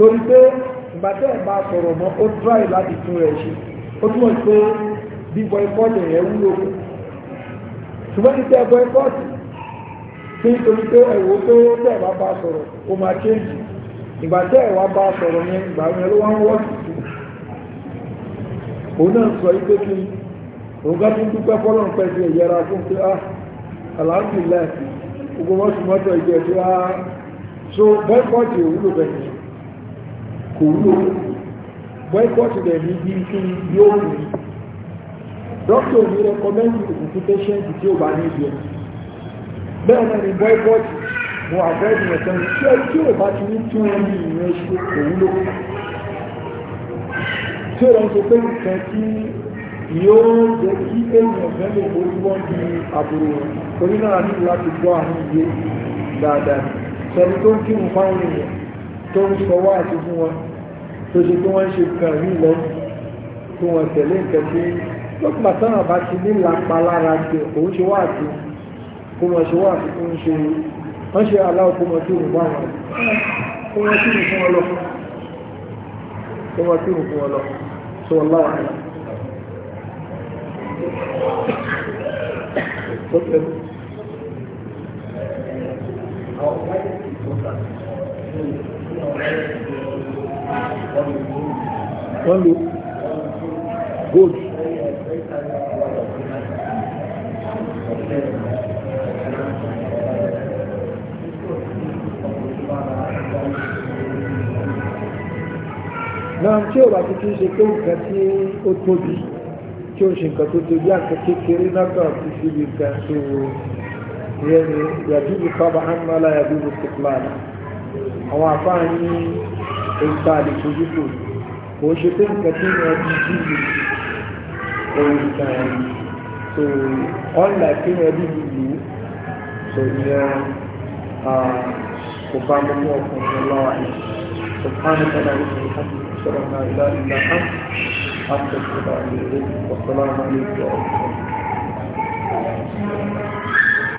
torí pé ìgbàtẹ́ ìbá sọ̀rọ̀ mọ́ ó try láti tún rẹ̀ ṣe ó túnmọ̀ pé bí boycott yẹn wúlò ṣùgbọ́n ní tẹ́ boycott tí nítorí pé ẹ̀wọ́ pé tẹ́ ma bá sọ̀rọ̀ ó máa change ìgbàtẹ́ ìwà bá sọ̀rọ̀ yẹn ìgbà yẹn ló wọ́n wọ́ sí òun náà sọ yí kí òun ká tún dúpẹ́ fọ́lọ́ pẹ́ sí ẹ̀yẹra fún ah, ah. so boycott yẹn wúlò kò wúlò boycott rẹ̀ ní bí kí yóò rí dókítà ní rẹ́kọ́mẹ́ntì òkùnkùn patient tí ó bá ní ibi ẹ̀ bẹ́ẹ̀ náà ni boycott mo avoid rẹ̀ tán tí ó tí ó bá ti ní tún ẹ̀ ní ìrìn ẹṣu kò tí ó lọ sọ pé nǹkan tí yóò jẹ́ kí èèyàn mẹ́lẹ̀ olúwọ́n di àbúrò orí náà ní láti gbọ́ àwọn ìwé dáadáa sẹ́ni tó ń kírun fáwọn èèyàn tó ń sọ wá àti fún wọn tó ṣe kí wọ́n ṣe kan yìí lọ kí wọ́n tẹ̀lé nǹkan tí lọ́pàá sáwọn bá ti ní lápá lára ti òun ṣe wá àti kó wọ́n ṣe wá àti kó wọ́n ṣe wọ́n ṣe aláwọ̀ kó wọ́n túrù bá wọn kó wọ́n túrù fún wọn kó wọ́n túrù fún wọn lọ sọ láwọn àná. Thank you wọ́n lo gold náà tí ó bá ti kí ṣe pé nǹkan tí ó tóbi tí ó ṣe nǹkan tó tóbi àti kékeré náà ti fi lè ga tó yẹn ni yàdúgbò sábà hàn mọ́lá yàdúgbò sípìlá àwọn àfáà ní ìta lè fojú fò kò ṣe pé nǹkan tí wọ́n ti jí mi ohun kan ẹni so unlike kí wọ́n bí mi lù ú so ìyẹn kò bá mọ́ fún ọkùnrin lọ́wọ́ àyè so káàmù tẹ́lá ní ìlú sọ̀rọ̀ náà ìlà